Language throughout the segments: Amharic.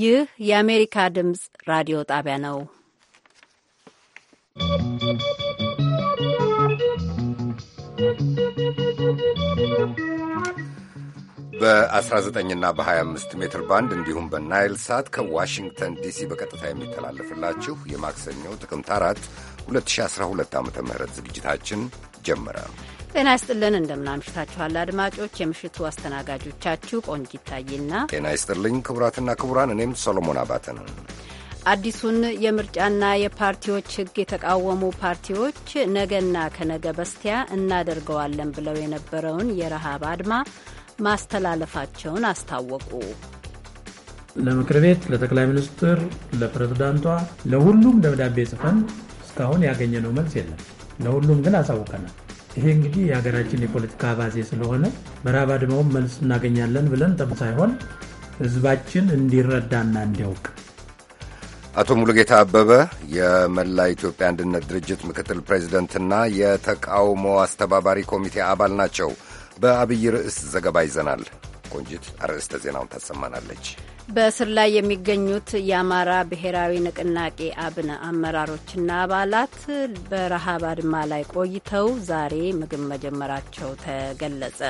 ይህ የአሜሪካ ድምፅ ራዲዮ ጣቢያ ነው። በ19ና በ25 ሜትር ባንድ እንዲሁም በናይል ሳት ከዋሽንግተን ዲሲ በቀጥታ የሚተላለፍላችሁ የማክሰኞ ጥቅምት 4 2012 ዓ ም ዝግጅታችን ጀመረ። ጤና ይስጥልን እንደምናምሽታችኋል አድማጮች። የምሽቱ አስተናጋጆቻችሁ ቆንጅ ይታይና ጤና ይስጥልኝ ክቡራትና ክቡራን፣ እኔም ሰሎሞን አባተ ነው። አዲሱን የምርጫና የፓርቲዎች ሕግ የተቃወሙ ፓርቲዎች ነገና ከነገ በስቲያ እናደርገዋለን ብለው የነበረውን የረሃብ አድማ ማስተላለፋቸውን አስታወቁ። ለምክር ቤት፣ ለጠቅላይ ሚኒስትር፣ ለፕሬዝዳንቷ፣ ለሁሉም ደብዳቤ ጽፈን እስካሁን ያገኘነው መልስ የለም። ለሁሉም ግን አሳውቀናል። ይሄ እንግዲህ የሀገራችን የፖለቲካ አባዜ ስለሆነ ምዕራብ አድማውም መልስ እናገኛለን ብለን ጠብ ሳይሆን ህዝባችን እንዲረዳና እንዲያውቅ አቶ ሙሉጌታ አበበ የመላ ኢትዮጵያ አንድነት ድርጅት ምክትል ፕሬዚደንትና የተቃውሞ አስተባባሪ ኮሚቴ አባል ናቸው። በአብይ ርዕስ ዘገባ ይዘናል። ቆንጂት አርዕስተ ዜናውን ታሰማናለች። በእስር ላይ የሚገኙት የአማራ ብሔራዊ ንቅናቄ አብነ አመራሮችና አባላት በረሃብ አድማ ላይ ቆይተው ዛሬ ምግብ መጀመራቸው ተገለጸ።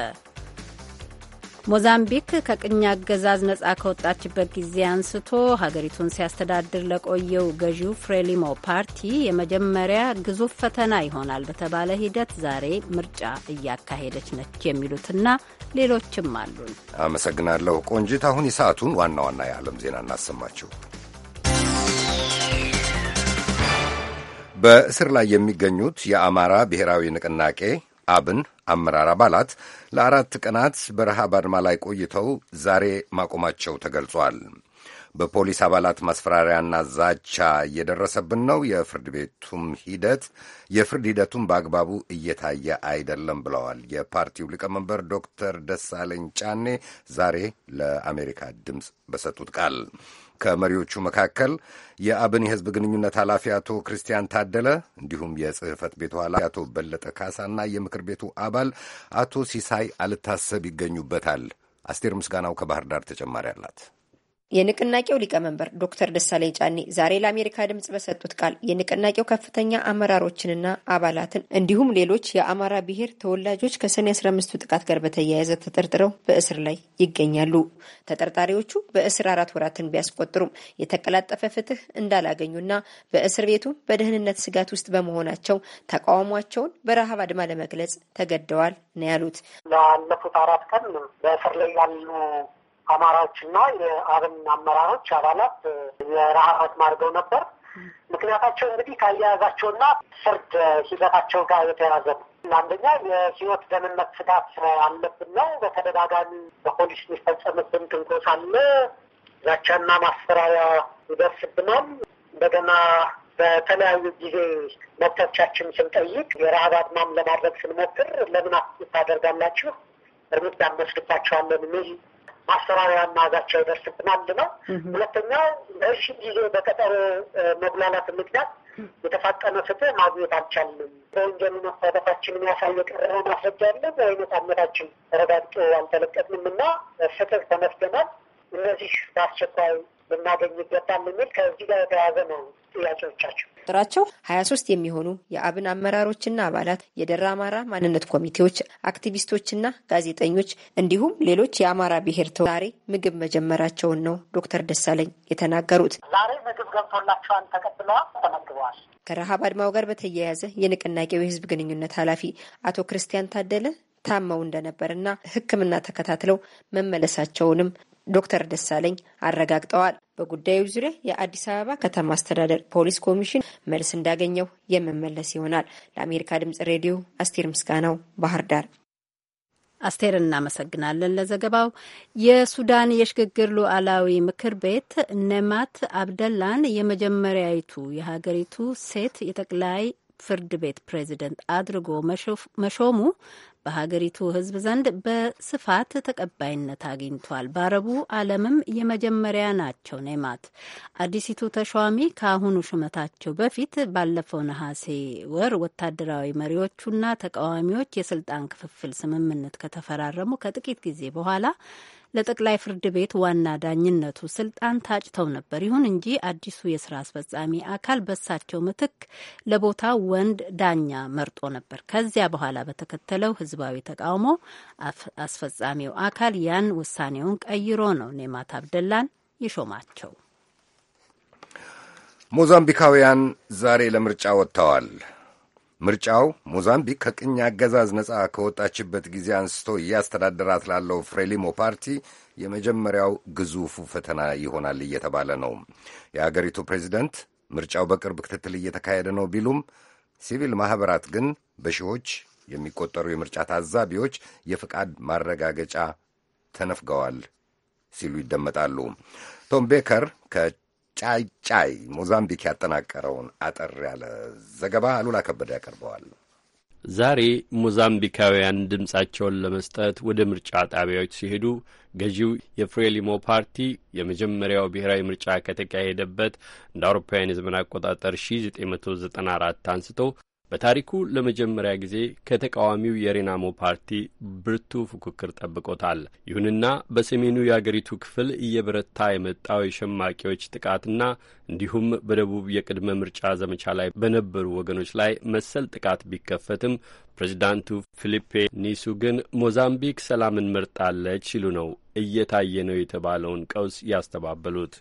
ሞዛምቢክ ከቅኝ አገዛዝ ነጻ ከወጣችበት ጊዜ አንስቶ ሀገሪቱን ሲያስተዳድር ለቆየው ገዢው ፍሬሊሞ ፓርቲ የመጀመሪያ ግዙፍ ፈተና ይሆናል በተባለ ሂደት ዛሬ ምርጫ እያካሄደች ነች የሚሉትና ሌሎችም አሉን። አመሰግናለሁ ቆንጂት። አሁን የሰዓቱን ዋና ዋና የዓለም ዜና እናሰማችሁ። በእስር ላይ የሚገኙት የአማራ ብሔራዊ ንቅናቄ አብን አመራር አባላት ለአራት ቀናት በረሃ ባድማ ላይ ቆይተው ዛሬ ማቆማቸው ተገልጿል። በፖሊስ አባላት ማስፈራሪያና ዛቻ እየደረሰብን ነው፣ የፍርድ ቤቱም ሂደት የፍርድ ሂደቱም በአግባቡ እየታየ አይደለም ብለዋል የፓርቲው ሊቀመንበር ዶክተር ደሳለኝ ጫኔ ዛሬ ለአሜሪካ ድምፅ በሰጡት ቃል ከመሪዎቹ መካከል የአብን የህዝብ ግንኙነት ኃላፊ አቶ ክርስቲያን ታደለ እንዲሁም የጽህፈት ቤቱ ኃላፊ አቶ በለጠ ካሳና የምክር ቤቱ አባል አቶ ሲሳይ አልታሰብ ይገኙበታል። አስቴር ምስጋናው ከባህር ዳር ተጨማሪ አላት። የንቅናቄው ሊቀመንበር ዶክተር ደሳለኝ ጫኔ ዛሬ ለአሜሪካ ድምጽ በሰጡት ቃል የንቅናቄው ከፍተኛ አመራሮችንና አባላትን እንዲሁም ሌሎች የአማራ ብሔር ተወላጆች ከሰኔ 15 ጥቃት ጋር በተያያዘ ተጠርጥረው በእስር ላይ ይገኛሉ። ተጠርጣሪዎቹ በእስር አራት ወራትን ቢያስቆጥሩም የተቀላጠፈ ፍትህ እንዳላገኙና በእስር ቤቱ በደህንነት ስጋት ውስጥ በመሆናቸው ተቃውሟቸውን በረሃብ አድማ ለመግለጽ ተገደዋል ነው ያሉት። ላለፉት አራት ቀን በእስር ላይ ያሉ አማራዎችና የአብን አመራሮች አባላት የረሀብ አድማ አድርገው ነበር። ምክንያታቸው እንግዲህ ካያያዛቸውና ፍርድ ሂደታቸው ጋር የተያዘ ነው። አንደኛ የህይወት ደህንነት ስጋት አለብን ነው። በተደጋጋሚ በፖሊስ የሚፈጸምብን ትንኮሳ አለ፣ ዛቻና ማስፈራሪያ ይደርስብናል። እንደገና በተለያዩ ጊዜ መብቶቻችን ስንጠይቅ የረሀብ አድማም ለማድረግ ስንሞክር ለምን ታደርጋላችሁ? እርምጃ እንወስድባቸዋለን የሚል ማስፈራሪያ ማዛቸው ይደርስብናል ነው። ሁለተኛው ረዥም ጊዜ በቀጠሮ መጉላላት ምክንያት የተፋጠነ ፍትህ ማግኘት አልቻልንም። በወንጀሉ መሳተፋችን የሚያሳይ የቀረበ ማስረጃ ያለን ወይ ነጻነታችን ተረጋግጦ አልተለቀቅንም እና ፍትህ ተመስገናል። እነዚህ በአስቸኳይ ልናገኝ ይገባል የሚል ከዚህ ጋር የተያያዘ ነው ጥያቄዎቻቸው። ቁጥራቸው 23 የሚሆኑ የአብን አመራሮችና አባላት፣ የደራ አማራ ማንነት ኮሚቴዎች፣ አክቲቪስቶችና ጋዜጠኞች እንዲሁም ሌሎች የአማራ ብሔር ተወ ዛሬ ምግብ መጀመራቸውን ነው ዶክተር ደሳለኝ የተናገሩት። ዛሬ ምግብ ገብቶላቸዋል፣ ተቀብለዋል፣ ተመግበዋል። ከረሃብ አድማው ጋር በተያያዘ የንቅናቄው የህዝብ ግንኙነት ኃላፊ አቶ ክርስቲያን ታደለ ታመው እንደነበርና ሕክምና ተከታትለው መመለሳቸውንም ዶክተር ደሳለኝ አረጋግጠዋል። በጉዳዩ ዙሪያ የአዲስ አበባ ከተማ አስተዳደር ፖሊስ ኮሚሽን መልስ እንዳገኘው የምመለስ ይሆናል። ለአሜሪካ ድምጽ ሬዲዮ አስቴር ምስጋናው ባህር ዳር። አስቴር እናመሰግናለን ለዘገባው። የሱዳን የሽግግር ሉዓላዊ ምክር ቤት ነማት አብደላን የመጀመሪያይቱ የሀገሪቱ ሴት የጠቅላይ ፍርድ ቤት ፕሬዚደንት አድርጎ መሾሙ በሀገሪቱ ሕዝብ ዘንድ በስፋት ተቀባይነት አግኝቷል። በአረቡ ዓለምም የመጀመሪያ ናቸው። ኔማት አዲሲቱ ተሿሚ ከአሁኑ ሹመታቸው በፊት ባለፈው ነሐሴ ወር ወታደራዊ መሪዎቹና ተቃዋሚዎች የስልጣን ክፍፍል ስምምነት ከተፈራረሙ ከጥቂት ጊዜ በኋላ ለጠቅላይ ፍርድ ቤት ዋና ዳኝነቱ ስልጣን ታጭተው ነበር። ይሁን እንጂ አዲሱ የስራ አስፈጻሚ አካል በሳቸው ምትክ ለቦታ ወንድ ዳኛ መርጦ ነበር። ከዚያ በኋላ በተከተለው ህዝባዊ ተቃውሞ አስፈጻሚው አካል ያን ውሳኔውን ቀይሮ ነው ኔማት አብደላን ይሾማቸው። ሞዛምቢካውያን ዛሬ ለምርጫ ወጥተዋል። ምርጫው ሞዛምቢክ ከቅኝ አገዛዝ ነጻ ከወጣችበት ጊዜ አንስቶ እያስተዳደራት ላለው ፍሬሊሞ ፓርቲ የመጀመሪያው ግዙፉ ፈተና ይሆናል እየተባለ ነው። የአገሪቱ ፕሬዚደንት ምርጫው በቅርብ ክትትል እየተካሄደ ነው ቢሉም ሲቪል ማኅበራት ግን በሺዎች የሚቆጠሩ የምርጫ ታዛቢዎች የፍቃድ ማረጋገጫ ተነፍገዋል ሲሉ ይደመጣሉ። ቶም ቤከር ጫይጫይ ሞዛምቢክ ያጠናቀረውን አጠር ያለ ዘገባ አሉላ ከበደ ያቀርበዋል። ዛሬ ሞዛምቢካውያን ድምፃቸውን ለመስጠት ወደ ምርጫ ጣቢያዎች ሲሄዱ ገዢው የፍሬሊሞ ፓርቲ የመጀመሪያው ብሔራዊ ምርጫ ከተካሄደበት እንደ አውሮፓውያን የዘመን አቆጣጠር 1994 አንስቶ በታሪኩ ለመጀመሪያ ጊዜ ከተቃዋሚው የሬናሞ ፓርቲ ብርቱ ፉክክር ጠብቆታል። ይሁንና በሰሜኑ የአገሪቱ ክፍል እየበረታ የመጣው የሸማቂዎች ጥቃትና እንዲሁም በደቡብ የቅድመ ምርጫ ዘመቻ ላይ በነበሩ ወገኖች ላይ መሰል ጥቃት ቢከፈትም ፕሬዚዳንቱ ፊሊፔ ኒሱ ግን ሞዛምቢክ ሰላምን መርጣለች ሲሉ ነው እየታየ ነው የተባለውን ቀውስ ያስተባበሉት።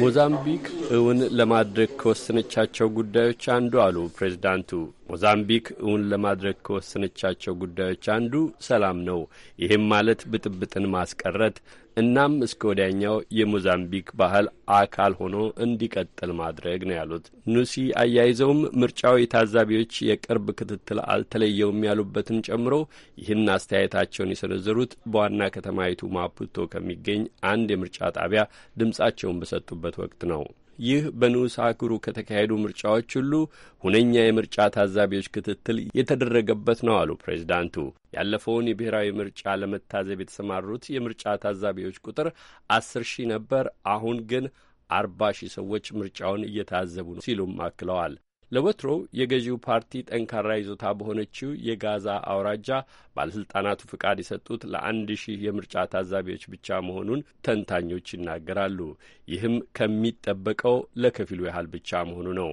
ሞዛምቢክ እውን ለማድረግ ከወሰነቻቸው ጉዳዮች አንዱ አሉ ፕሬዚዳንቱ። ሞዛምቢክ እውን ለማድረግ ከወሰነቻቸው ጉዳዮች አንዱ ሰላም ነው። ይህም ማለት ብጥብጥን ማስቀረት፣ እናም እስከ ወዲያኛው የሞዛምቢክ ባህል አካል ሆኖ እንዲቀጥል ማድረግ ነው ያሉት ኑሲ። አያይዘውም ምርጫው የታዛቢዎች የቅርብ ክትትል አልተለየውም ያሉበትን ጨምሮ ይህን አስተያየታቸውን የሰነዘሩት በዋና ከተማይቱ ማፑቶ ከሚገኝ አንድ የምርጫ ጣቢያ ድምጻቸውን በሰጡበት ወቅት ነው። ይህ በንዑስ አክሩ ከተካሄዱ ምርጫዎች ሁሉ ሁነኛ የምርጫ ታዛቢዎች ክትትል የተደረገበት ነው አሉ ፕሬዚዳንቱ። ያለፈውን የብሔራዊ ምርጫ ለመታዘብ የተሰማሩት የምርጫ ታዛቢዎች ቁጥር አስር ሺህ ነበር። አሁን ግን አርባ ሺህ ሰዎች ምርጫውን እየታዘቡ ነው ሲሉም አክለዋል። ለወትሮው የገዢው ፓርቲ ጠንካራ ይዞታ በሆነችው የጋዛ አውራጃ ባለሥልጣናቱ ፍቃድ የሰጡት ለአንድ ሺህ የምርጫ ታዛቢዎች ብቻ መሆኑን ተንታኞች ይናገራሉ። ይህም ከሚጠበቀው ለከፊሉ ያህል ብቻ መሆኑ ነው።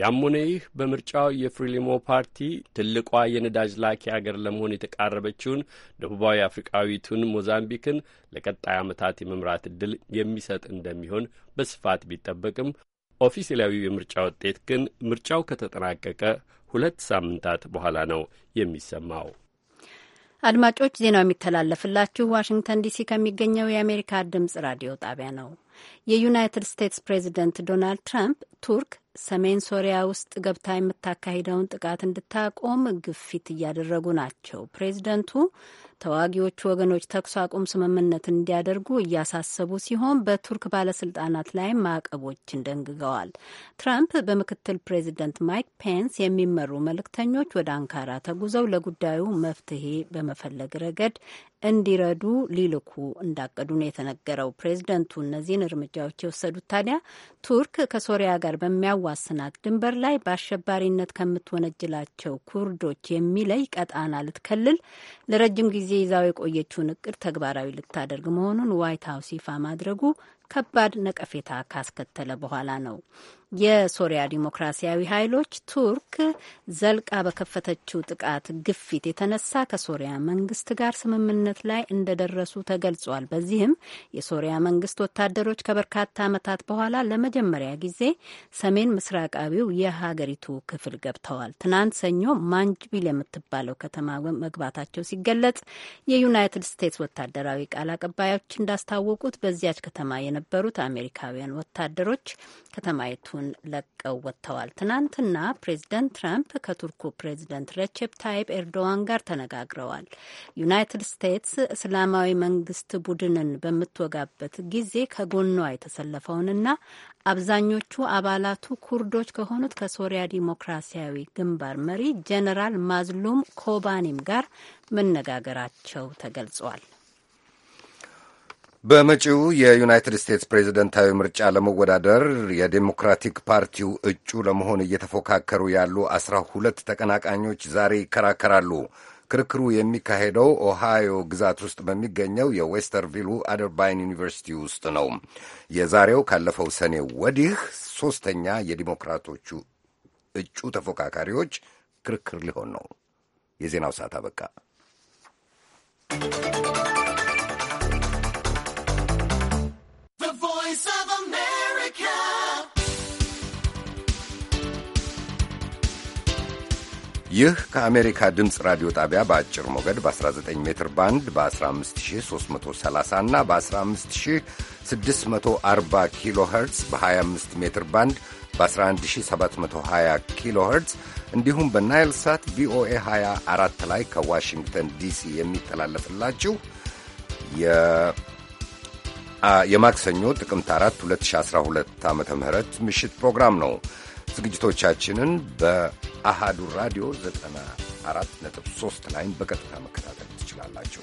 ያም ሆነ ይህ በምርጫው የፍሪሊሞ ፓርቲ ትልቋ የነዳጅ ላኪ አገር ለመሆን የተቃረበችውን ደቡባዊ አፍሪቃዊቱን ሞዛምቢክን ለቀጣይ ዓመታት የመምራት ዕድል የሚሰጥ እንደሚሆን በስፋት ቢጠበቅም ኦፊሴላዊ የምርጫ ውጤት ግን ምርጫው ከተጠናቀቀ ሁለት ሳምንታት በኋላ ነው የሚሰማው። አድማጮች ዜናው የሚተላለፍላችሁ ዋሽንግተን ዲሲ ከሚገኘው የአሜሪካ ድምጽ ራዲዮ ጣቢያ ነው። የዩናይትድ ስቴትስ ፕሬዚደንት ዶናልድ ትራምፕ ቱርክ ሰሜን ሶሪያ ውስጥ ገብታ የምታካሂደውን ጥቃት እንድታቆም ግፊት እያደረጉ ናቸው። ፕሬዚደንቱ ተዋጊዎቹ ወገኖች ተኩስ አቁም ስምምነት እንዲያደርጉ እያሳሰቡ ሲሆን በቱርክ ባለስልጣናት ላይ ማዕቀቦችን ደንግገዋል። ትራምፕ በምክትል ፕሬዚደንት ማይክ ፔንስ የሚመሩ መልእክተኞች ወደ አንካራ ተጉዘው ለጉዳዩ መፍትሄ በመፈለግ ረገድ እንዲረዱ ሊልኩ እንዳቀዱ ነው የተነገረው። ፕሬዚደንቱ እነዚህን እርምጃዎች የወሰዱት ታዲያ ቱርክ ከሶሪያ ጋር በሚያዋስናት ድንበር ላይ በአሸባሪነት ከምትወነጅላቸው ኩርዶች የሚለይ ቀጣና ልትከልል ለረጅም ጊዜ ይዛው የቆየችውን እቅድ ተግባራዊ ልታደርግ መሆኑን ዋይት ሀውስ ይፋ ማድረጉ ከባድ ነቀፌታ ካስከተለ በኋላ ነው። የሶሪያ ዲሞክራሲያዊ ኃይሎች ቱርክ ዘልቃ በከፈተችው ጥቃት ግፊት የተነሳ ከሶሪያ መንግስት ጋር ስምምነት ላይ እንደደረሱ ተገልጿል። በዚህም የሶሪያ መንግስት ወታደሮች ከበርካታ ዓመታት በኋላ ለመጀመሪያ ጊዜ ሰሜን ምስራቃዊው የሀገሪቱ ክፍል ገብተዋል። ትናንት ሰኞ ማንጅቢል የምትባለው ከተማ መግባታቸው ሲገለጽ የዩናይትድ ስቴትስ ወታደራዊ ቃል አቀባዮች እንዳስታወቁት በዚያች ከተማ የነበሩት አሜሪካውያን ወታደሮች ከተማይቱን ሀገራቸውን ለቀው ወጥተዋል። ትናንትና ፕሬዚደንት ትራምፕ ከቱርኩ ፕሬዚደንት ሬቼፕ ታይፕ ኤርዶዋን ጋር ተነጋግረዋል። ዩናይትድ ስቴትስ እስላማዊ መንግስት ቡድንን በምትወጋበት ጊዜ ከጎኗ የተሰለፈውንና አብዛኞቹ አባላቱ ኩርዶች ከሆኑት ከሶሪያ ዲሞክራሲያዊ ግንባር መሪ ጀነራል ማዝሉም ኮባኒም ጋር መነጋገራቸው ተገልጿል። በመጪው የዩናይትድ ስቴትስ ፕሬዝደንታዊ ምርጫ ለመወዳደር የዴሞክራቲክ ፓርቲው እጩ ለመሆን እየተፎካከሩ ያሉ አስራ ሁለት ተቀናቃኞች ዛሬ ይከራከራሉ። ክርክሩ የሚካሄደው ኦሃዮ ግዛት ውስጥ በሚገኘው የዌስተርቪሉ አደርባይን ዩኒቨርሲቲ ውስጥ ነው። የዛሬው ካለፈው ሰኔ ወዲህ ሦስተኛ የዲሞክራቶቹ እጩ ተፎካካሪዎች ክርክር ሊሆን ነው። የዜናው ሰዓት አበቃ። ይህ ከአሜሪካ ድምፅ ራዲዮ ጣቢያ በአጭር ሞገድ በ19 ሜትር ባንድ በ15330 እና በ15640 ኪሎ ኸርትዝ በ25 ሜትር ባንድ በ11720 ኪሎ ኸርትዝ እንዲሁም በናይል ሳት ቪኦኤ 24 ላይ ከዋሽንግተን ዲሲ የሚተላለፍላችሁ የማክሰኞ ጥቅምት 4 2012 ዓ ም ምሽት ፕሮግራም ነው። ዝግጅቶቻችንን በአሃዱ ራዲዮ 94.3 ላይን በቀጥታ መከታተል ትችላላችሁ።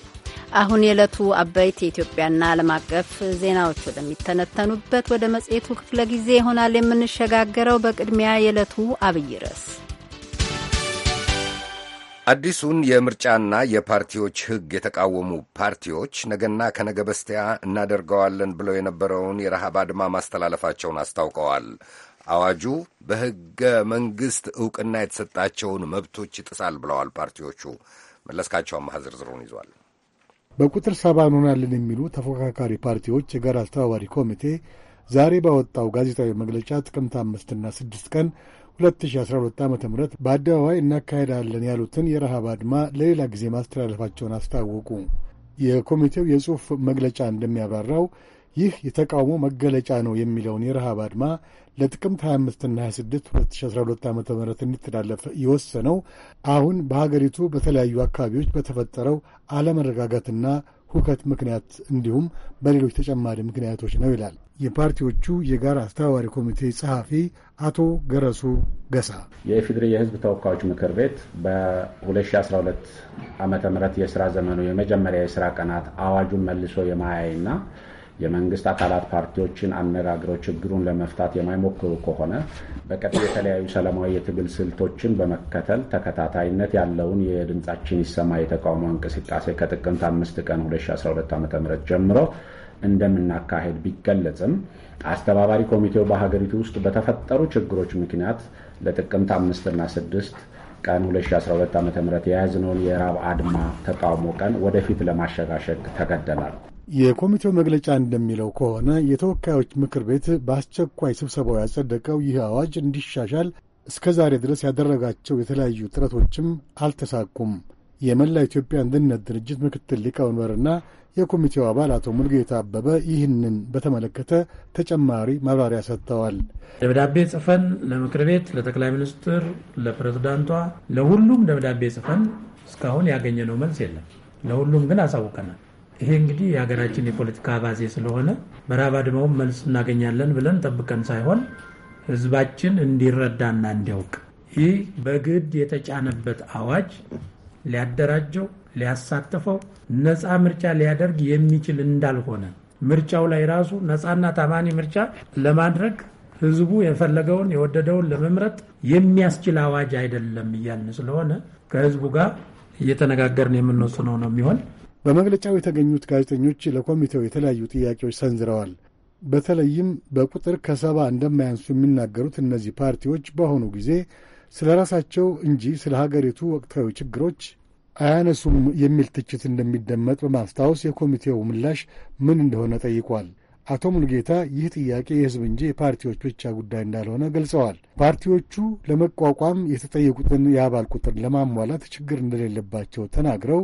አሁን የዕለቱ አበይት የኢትዮጵያና ዓለም አቀፍ ዜናዎች ወደሚተነተኑበት ወደ መጽሔቱ ክፍለ ጊዜ ይሆናል የምንሸጋገረው። በቅድሚያ የዕለቱ አብይ ርዕስ አዲሱን የምርጫና የፓርቲዎች ሕግ የተቃወሙ ፓርቲዎች ነገና ከነገ በስቲያ እናደርገዋለን ብለው የነበረውን የረሃብ አድማ ማስተላለፋቸውን አስታውቀዋል። አዋጁ በሕገ መንግሥት ዕውቅና የተሰጣቸውን መብቶች ይጥሳል ብለዋል ፓርቲዎቹ። መለስካቸው አማሃ ዝርዝሩን ይዟል። በቁጥር ሰባ እንሆናለን የሚሉ ተፎካካሪ ፓርቲዎች የጋራ አስተባባሪ ኮሚቴ ዛሬ ባወጣው ጋዜጣዊ መግለጫ ጥቅምት አምስትና ስድስት ቀን 2012 ዓ ም በአደባባይ እናካሄዳለን ያሉትን የረሃብ አድማ ለሌላ ጊዜ ማስተላለፋቸውን አስታወቁ። የኮሚቴው የጽሑፍ መግለጫ እንደሚያብራራው ይህ የተቃውሞ መገለጫ ነው የሚለውን የረሃብ አድማ ለጥቅምት 25ና 26 2012 ዓ ም እንዲተላለፍ የወሰነው አሁን በሀገሪቱ በተለያዩ አካባቢዎች በተፈጠረው አለመረጋጋትና ሁከት ምክንያት እንዲሁም በሌሎች ተጨማሪ ምክንያቶች ነው ይላል የፓርቲዎቹ የጋራ አስተባባሪ ኮሚቴ ጸሐፊ አቶ ገረሱ ገሳ። የኢፌዴሪ የህዝብ ተወካዮች ምክር ቤት በ2012 ዓ ም የስራ ዘመኑ የመጀመሪያ የስራ ቀናት አዋጁን መልሶ የማያይና የመንግስት አካላት ፓርቲዎችን አነጋግረው ችግሩን ለመፍታት የማይሞክሩ ከሆነ በቀጥ የተለያዩ ሰላማዊ የትግል ስልቶችን በመከተል ተከታታይነት ያለውን የድምጻችን ይሰማ የተቃውሞ እንቅስቃሴ ከጥቅምት አምስት ቀን 2012 ዓ ም ጀምሮ እንደምናካሄድ ቢገለጽም አስተባባሪ ኮሚቴው በሀገሪቱ ውስጥ በተፈጠሩ ችግሮች ምክንያት ለጥቅምት አምስትና ስድስት ቀን 2012 ዓ ም የያዝነውን የራብ አድማ ተቃውሞ ቀን ወደፊት ለማሸጋሸግ ተገደናል። የኮሚቴው መግለጫ እንደሚለው ከሆነ የተወካዮች ምክር ቤት በአስቸኳይ ስብሰባው ያጸደቀው ይህ አዋጅ እንዲሻሻል እስከ ዛሬ ድረስ ያደረጋቸው የተለያዩ ጥረቶችም አልተሳኩም። የመላ ኢትዮጵያ አንድነት ድርጅት ምክትል ሊቀመንበርና የኮሚቴው አባል አቶ ሙልጌታ አበበ ይህንን በተመለከተ ተጨማሪ ማብራሪያ ሰጥተዋል። ደብዳቤ ጽፈን ለምክር ቤት፣ ለጠቅላይ ሚኒስትር፣ ለፕሬዝዳንቷ፣ ለሁሉም ደብዳቤ ጽፈን እስካሁን ያገኘነው መልስ የለም። ለሁሉም ግን አሳውቀናል። ይሄ እንግዲህ የሀገራችን የፖለቲካ አባዜ ስለሆነ ምዕራብ አድማውም መልስ እናገኛለን ብለን ጠብቀን ሳይሆን ህዝባችን እንዲረዳና እንዲያውቅ ይህ በግድ የተጫነበት አዋጅ ሊያደራጀው፣ ሊያሳትፈው ነፃ ምርጫ ሊያደርግ የሚችል እንዳልሆነ ምርጫው ላይ ራሱ ነፃና ታማኒ ምርጫ ለማድረግ ህዝቡ የፈለገውን የወደደውን ለመምረጥ የሚያስችል አዋጅ አይደለም እያልን ስለሆነ ከህዝቡ ጋር እየተነጋገርን የምንወስነው ነው የሚሆን። በመግለጫው የተገኙት ጋዜጠኞች ለኮሚቴው የተለያዩ ጥያቄዎች ሰንዝረዋል። በተለይም በቁጥር ከሰባ እንደማያንሱ የሚናገሩት እነዚህ ፓርቲዎች በአሁኑ ጊዜ ስለ ራሳቸው እንጂ ስለ ሀገሪቱ ወቅታዊ ችግሮች አያነሱም የሚል ትችት እንደሚደመጥ በማስታወስ የኮሚቴው ምላሽ ምን እንደሆነ ጠይቋል። አቶ ሙሉጌታ ይህ ጥያቄ የሕዝብ እንጂ የፓርቲዎች ብቻ ጉዳይ እንዳልሆነ ገልጸዋል። ፓርቲዎቹ ለመቋቋም የተጠየቁትን የአባል ቁጥር ለማሟላት ችግር እንደሌለባቸው ተናግረው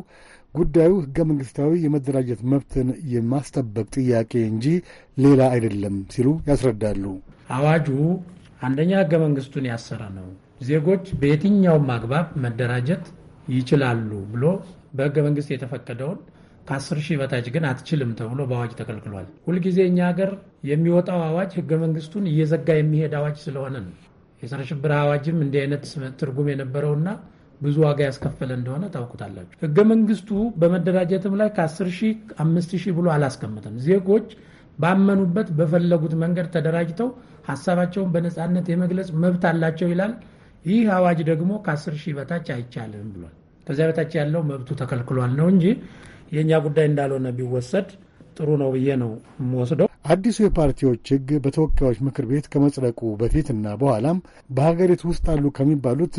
ጉዳዩ ህገ መንግስታዊ የመደራጀት መብትን የማስጠበቅ ጥያቄ እንጂ ሌላ አይደለም ሲሉ ያስረዳሉ። አዋጁ አንደኛ ህገ መንግስቱን ያሰረ ነው። ዜጎች በየትኛውም አግባብ መደራጀት ይችላሉ ብሎ በህገ መንግስት የተፈቀደውን ከአስር ሺህ በታች ግን አትችልም ተብሎ በአዋጅ ተከልክሏል። ሁልጊዜ እኛ ሀገር የሚወጣው አዋጅ ህገ መንግስቱን እየዘጋ የሚሄድ አዋጅ ስለሆነ ነው። የጸረ ሽብር አዋጅም እንዲህ አይነት ትርጉም የነበረውና ብዙ ዋጋ ያስከፈለ እንደሆነ ታውቁታላችሁ። ህገ መንግስቱ በመደራጀትም ላይ ከ10 ሺህ 5 ሺህ ብሎ አላስቀምጥም። ዜጎች ባመኑበት በፈለጉት መንገድ ተደራጅተው ሀሳባቸውን በነፃነት የመግለጽ መብት አላቸው ይላል። ይህ አዋጅ ደግሞ ከ10 ሺህ በታች አይቻልም ብሏል። ከዚያ በታች ያለው መብቱ ተከልክሏል ነው እንጂ የእኛ ጉዳይ እንዳልሆነ ቢወሰድ ጥሩ ነው ብዬ ነው የምወስደው። አዲሱ የፓርቲዎች ህግ በተወካዮች ምክር ቤት ከመጽደቁ በፊትና በኋላም በሀገሪቱ ውስጥ አሉ ከሚባሉት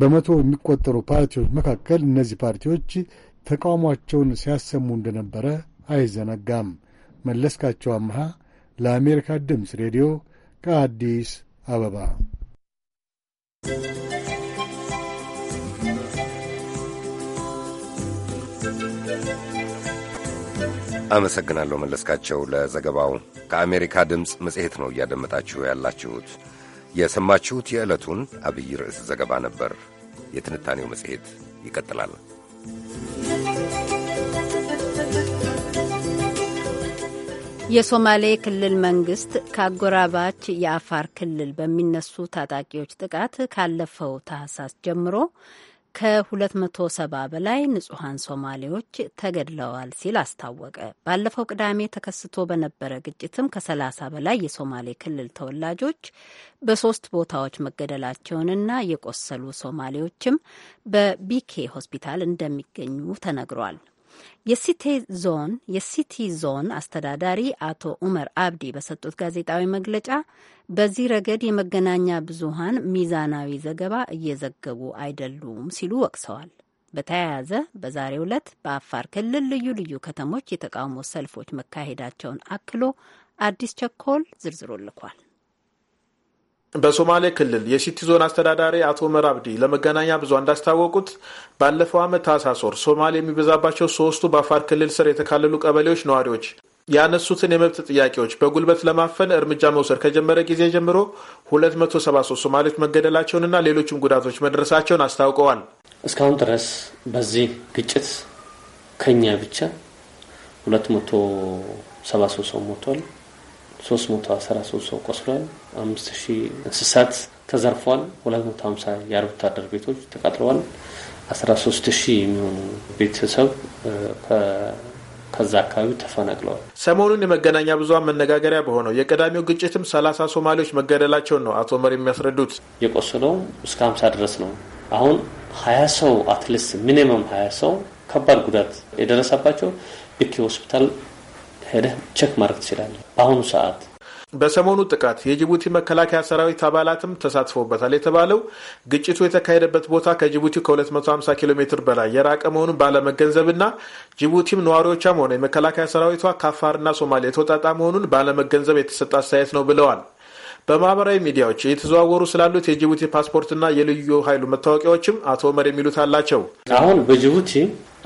በመቶ የሚቆጠሩ ፓርቲዎች መካከል እነዚህ ፓርቲዎች ተቃውሟቸውን ሲያሰሙ እንደነበረ አይዘነጋም። መለስካቸው አምሃ ለአሜሪካ ድምፅ ሬዲዮ ከአዲስ አበባ አመሰግናለሁ መለስካቸው ለዘገባው። ከአሜሪካ ድምፅ መጽሔት ነው እያደመጣችሁ ያላችሁት። የሰማችሁት የዕለቱን አብይ ርዕስ ዘገባ ነበር። የትንታኔው መጽሔት ይቀጥላል። የሶማሌ ክልል መንግስት ከአጎራባች የአፋር ክልል በሚነሱ ታጣቂዎች ጥቃት ካለፈው ታህሳስ ጀምሮ ከ270 በላይ ንጹሐን ሶማሌዎች ተገድለዋል ሲል አስታወቀ። ባለፈው ቅዳሜ ተከስቶ በነበረ ግጭትም ከ30 በላይ የሶማሌ ክልል ተወላጆች በሶስት ቦታዎች መገደላቸውንና የቆሰሉ ሶማሌዎችም በቢኬ ሆስፒታል እንደሚገኙ ተነግሯል። የሲቲ ዞን አስተዳዳሪ አቶ ኡመር አብዲ በሰጡት ጋዜጣዊ መግለጫ በዚህ ረገድ የመገናኛ ብዙሃን ሚዛናዊ ዘገባ እየዘገቡ አይደሉም ሲሉ ወቅሰዋል። በተያያዘ በዛሬው ዕለት በአፋር ክልል ልዩ ልዩ ከተሞች የተቃውሞ ሰልፎች መካሄዳቸውን አክሎ አዲስ ቸኮል ዝርዝሮ ልኳል። በሶማሌ ክልል የሲቲ ዞን አስተዳዳሪ አቶ መራብዲ ለመገናኛ ብዙሃን እንዳስታወቁት ባለፈው ዓመት ታህሳስ ወር ሶማሌ የሚበዛባቸው ሶስቱ በአፋር ክልል ስር የተካለሉ ቀበሌዎች ነዋሪዎች ያነሱትን የመብት ጥያቄዎች በጉልበት ለማፈን እርምጃ መውሰድ ከጀመረ ጊዜ ጀምሮ 273 ሶማሌዎች መገደላቸውንና ሌሎችም ጉዳቶች መድረሳቸውን አስታውቀዋል። እስካሁን ድረስ በዚህ ግጭት ከኛ ብቻ 273 ሰው ሞቷል፣ 313 ሰው ቆስሏል። አምስት ሺህ እንስሳት ተዘርፏል። ሁለት መቶ ሀምሳ የአርብቶ አደር ቤቶች ተቃጥለዋል። አስራ ሶስት ሺህ የሚሆኑ ቤተሰብ ከዛ አካባቢ ተፈናቅለዋል። ሰሞኑን የመገናኛ ብዙሀን መነጋገሪያ በሆነው የቀዳሚው ግጭትም ሰላሳ ሶማሌዎች መገደላቸውን ነው አቶ መሪ የሚያስረዱት። የቆሰለው እስከ ሀምሳ ድረስ ነው። አሁን ሀያ ሰው አትሊስት ሚኒመም ሀያ ሰው ከባድ ጉዳት የደረሰባቸው ልክ ሆስፒታል ሄደህ ቼክ ማድረግ ትችላለህ። በአሁኑ ሰዓት በሰሞኑ ጥቃት የጅቡቲ መከላከያ ሰራዊት አባላትም ተሳትፎበታል የተባለው ግጭቱ የተካሄደበት ቦታ ከጅቡቲ ከ250 ኪሎ ሜትር በላይ የራቀ መሆኑን ባለመገንዘብና ጅቡቲም ነዋሪዎቿም ሆነ የመከላከያ ሰራዊቷ ከአፋርና ሶማሌ የተወጣጣ መሆኑን ባለመገንዘብ የተሰጠ አስተያየት ነው ብለዋል። በማህበራዊ ሚዲያዎች እየተዘዋወሩ ስላሉት የጅቡቲ ፓስፖርትና የልዩ ኃይሉ መታወቂያዎችም አቶ መር የሚሉት አላቸው። አሁን በጅቡቲ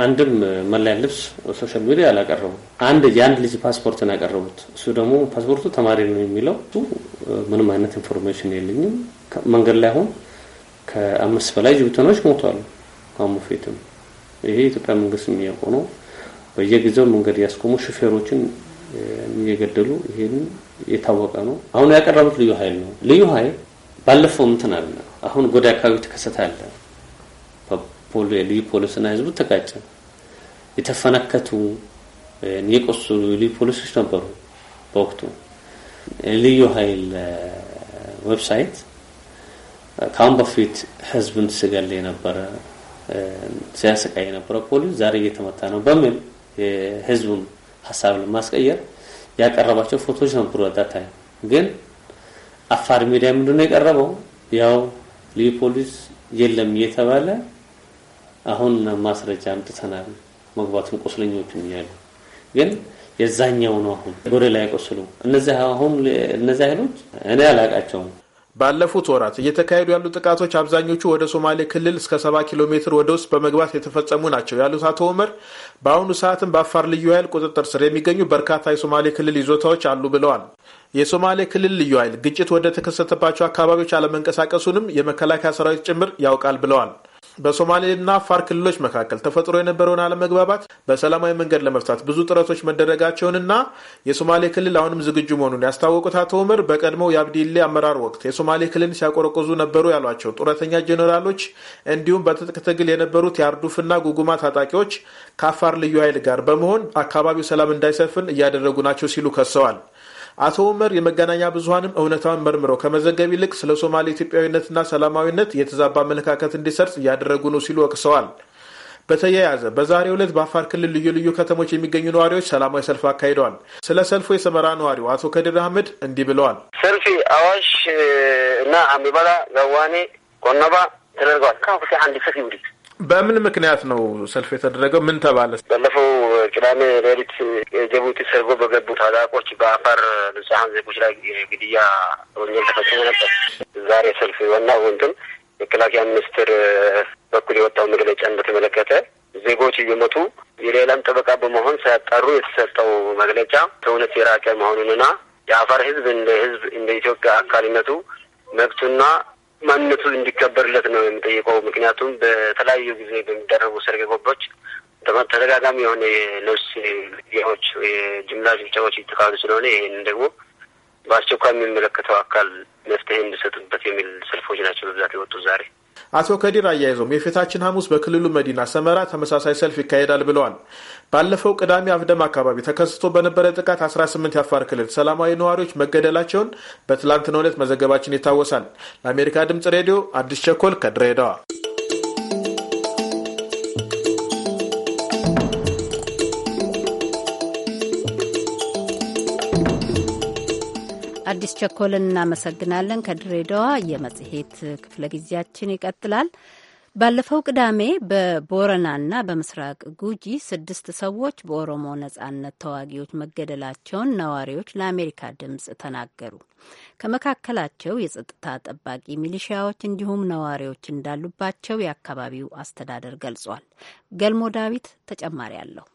አንድም መለያ ልብስ ሶሻል ሚዲያ አላቀረቡ። አንድ የአንድ ልጅ ፓስፖርትን ያቀረቡት እሱ ደግሞ ፓስፖርቱ ተማሪ ነው የሚለው ምንም አይነት ኢንፎርሜሽን የለኝም። መንገድ ላይ አሁን ከአምስት በላይ ጅቡቲኖች ሞቷሉ። ከሙፌትም ይሄ የኢትዮጵያ መንግስት የሚያውቁ ነው። በየጊዜው መንገድ ያስቆሙ ሹፌሮችን እየገደሉ ይሄንን የታወቀ ነው። አሁን ያቀረቡት ልዩ ኃይል ነው። ልዩ ኃይል ባለፈው እንትን አለ። አሁን ጎዳ አካባቢ ተከሰተ አለ። ልዩ ፖሊስና ህዝቡ ተጋጨ። የተፈነከቱ የቆሰሉ ልዩ ፖሊሶች ነበሩ። በወቅቱ ልዩ ኃይል ዌብሳይት ከአሁን በፊት ህዝብን ስገል የነበረ ሲያሰቃይ የነበረ ፖሊስ ዛሬ እየተመታ ነው በሚል የህዝቡን ሀሳብ ለማስቀየር ያቀረባቸው ፎቶዎች ነበሩ። አዳታይ ግን አፋር ሚዲያ ምንድን ነው የቀረበው? ያው ልዩ ፖሊስ የለም እየተባለ አሁን ማስረጃ አምጥተናል መግባቱን ቁስለኞቹም እያሉ ግን የዛኛው ነው አሁን ጎደ ላይ ቆስሉ እነዚህ አሁን እነዚህ ኃይሎች እኔ አላቃቸውም ባለፉት ወራት እየተካሄዱ ያሉ ጥቃቶች አብዛኞቹ ወደ ሶማሌ ክልል እስከ ሰባ ኪሎ ሜትር ወደ ውስጥ በመግባት የተፈጸሙ ናቸው ያሉት አቶ ኡመር በአሁኑ ሰዓትም በአፋር ልዩ ኃይል ቁጥጥር ስር የሚገኙ በርካታ የሶማሌ ክልል ይዞታዎች አሉ ብለዋል። የሶማሌ ክልል ልዩ ኃይል ግጭት ወደ ተከሰተባቸው አካባቢዎች አለመንቀሳቀሱንም የመከላከያ ሰራዊት ጭምር ያውቃል ብለዋል። በሶማሌና አፋር ክልሎች መካከል ተፈጥሮ የነበረውን አለመግባባት በሰላማዊ መንገድ ለመፍታት ብዙ ጥረቶች መደረጋቸውንና የሶማሌ ክልል አሁንም ዝግጁ መሆኑን ያስታወቁት አቶ ኡመር በቀድሞው የአብዲሌ አመራር ወቅት የሶማሌ ክልልን ሲያቆረቆዙ ነበሩ ያሏቸው ጡረተኛ ጄኔራሎች እንዲሁም በትጥቅ ትግል የነበሩት የአርዱፍና ጉጉማ ታጣቂዎች ከአፋር ልዩ ኃይል ጋር በመሆን አካባቢው ሰላም እንዳይሰፍን እያደረጉ ናቸው ሲሉ ከሰዋል። አቶ ኡመር የመገናኛ ብዙሀንም እውነታውን መርምረው ከመዘገብ ይልቅ ስለ ሶማሌ ኢትዮጵያዊነትና ሰላማዊነት የተዛባ አመለካከት እንዲሰርጽ እያደረጉ ነው ሲሉ ወቅሰዋል። በተያያዘ በዛሬው ዕለት በአፋር ክልል ልዩ ልዩ ከተሞች የሚገኙ ነዋሪዎች ሰላማዊ ሰልፍ አካሂደዋል። ስለ ሰልፉ የሰመራ ነዋሪው አቶ ከድር አህመድ እንዲህ ብለዋል። ሰልፊ አዋሽ እና አሚባላ፣ ገዋኔ፣ ቆነባ ተደርገዋል። በምን ምክንያት ነው ሰልፍ የተደረገው? ምን ተባለ? ባለፈው ቅዳሜ ሌሊት የጅቡቲ ሰርጎ በገቡ ታጣቂዎች በአፋር ንጹሐን ዜጎች ላይ ግድያ ወንጀል ተፈጽሞ ነበር። ዛሬ ሰልፍ ዋናው እንትን መከላከያ ሚኒስቴር በኩል የወጣው መግለጫን በተመለከተ ዜጎች እየሞቱ የሌላም ጠበቃ በመሆን ሳያጣሩ የተሰጠው መግለጫ ከእውነት የራቀ መሆኑንና የአፋር ህዝብ እንደ ህዝብ እንደ ኢትዮጵያ አካልነቱ መብቱና ማንነቱ እንዲከበርለት ነው የምጠይቀው። ምክንያቱም በተለያዩ ጊዜ በሚደረጉ ሰርገ ጎቦች ተደጋጋሚ የሆነ የነፍስ ግድያዎች፣ የጅምላ ጭፍጨፋዎች የተካሄዱ ስለሆነ ይህን ደግሞ በአስቸኳይ የሚመለከተው አካል መፍትሄ እንዲሰጡበት የሚል ሰልፎች ናቸው በብዛት የወጡ ዛሬ። አቶ ከዲር አያይዘውም የፊታችን ሐሙስ በክልሉ መዲና ሰመራ ተመሳሳይ ሰልፍ ይካሄዳል ብለዋል። ባለፈው ቅዳሜ አፍደም አካባቢ ተከስቶ በነበረ ጥቃት 18 የአፋር ክልል ሰላማዊ ነዋሪዎች መገደላቸውን በትላንትናው ዕለት መዘገባችን ይታወሳል። ለአሜሪካ ድምጽ ሬዲዮ አዲስ ቸኮል ከድሬዳዋ አዲስ ቸኮልን እናመሰግናለን። ከድሬዳዋ የመጽሔት ክፍለ ጊዜያችን ይቀጥላል። ባለፈው ቅዳሜ በቦረናና በምስራቅ ጉጂ ስድስት ሰዎች በኦሮሞ ነጻነት ተዋጊዎች መገደላቸውን ነዋሪዎች ለአሜሪካ ድምፅ ተናገሩ። ከመካከላቸው የጸጥታ ጠባቂ ሚሊሺያዎች እንዲሁም ነዋሪዎች እንዳሉባቸው የአካባቢው አስተዳደር ገልጿል። ገልሞ ዳዊት ተጨማሪ አለው።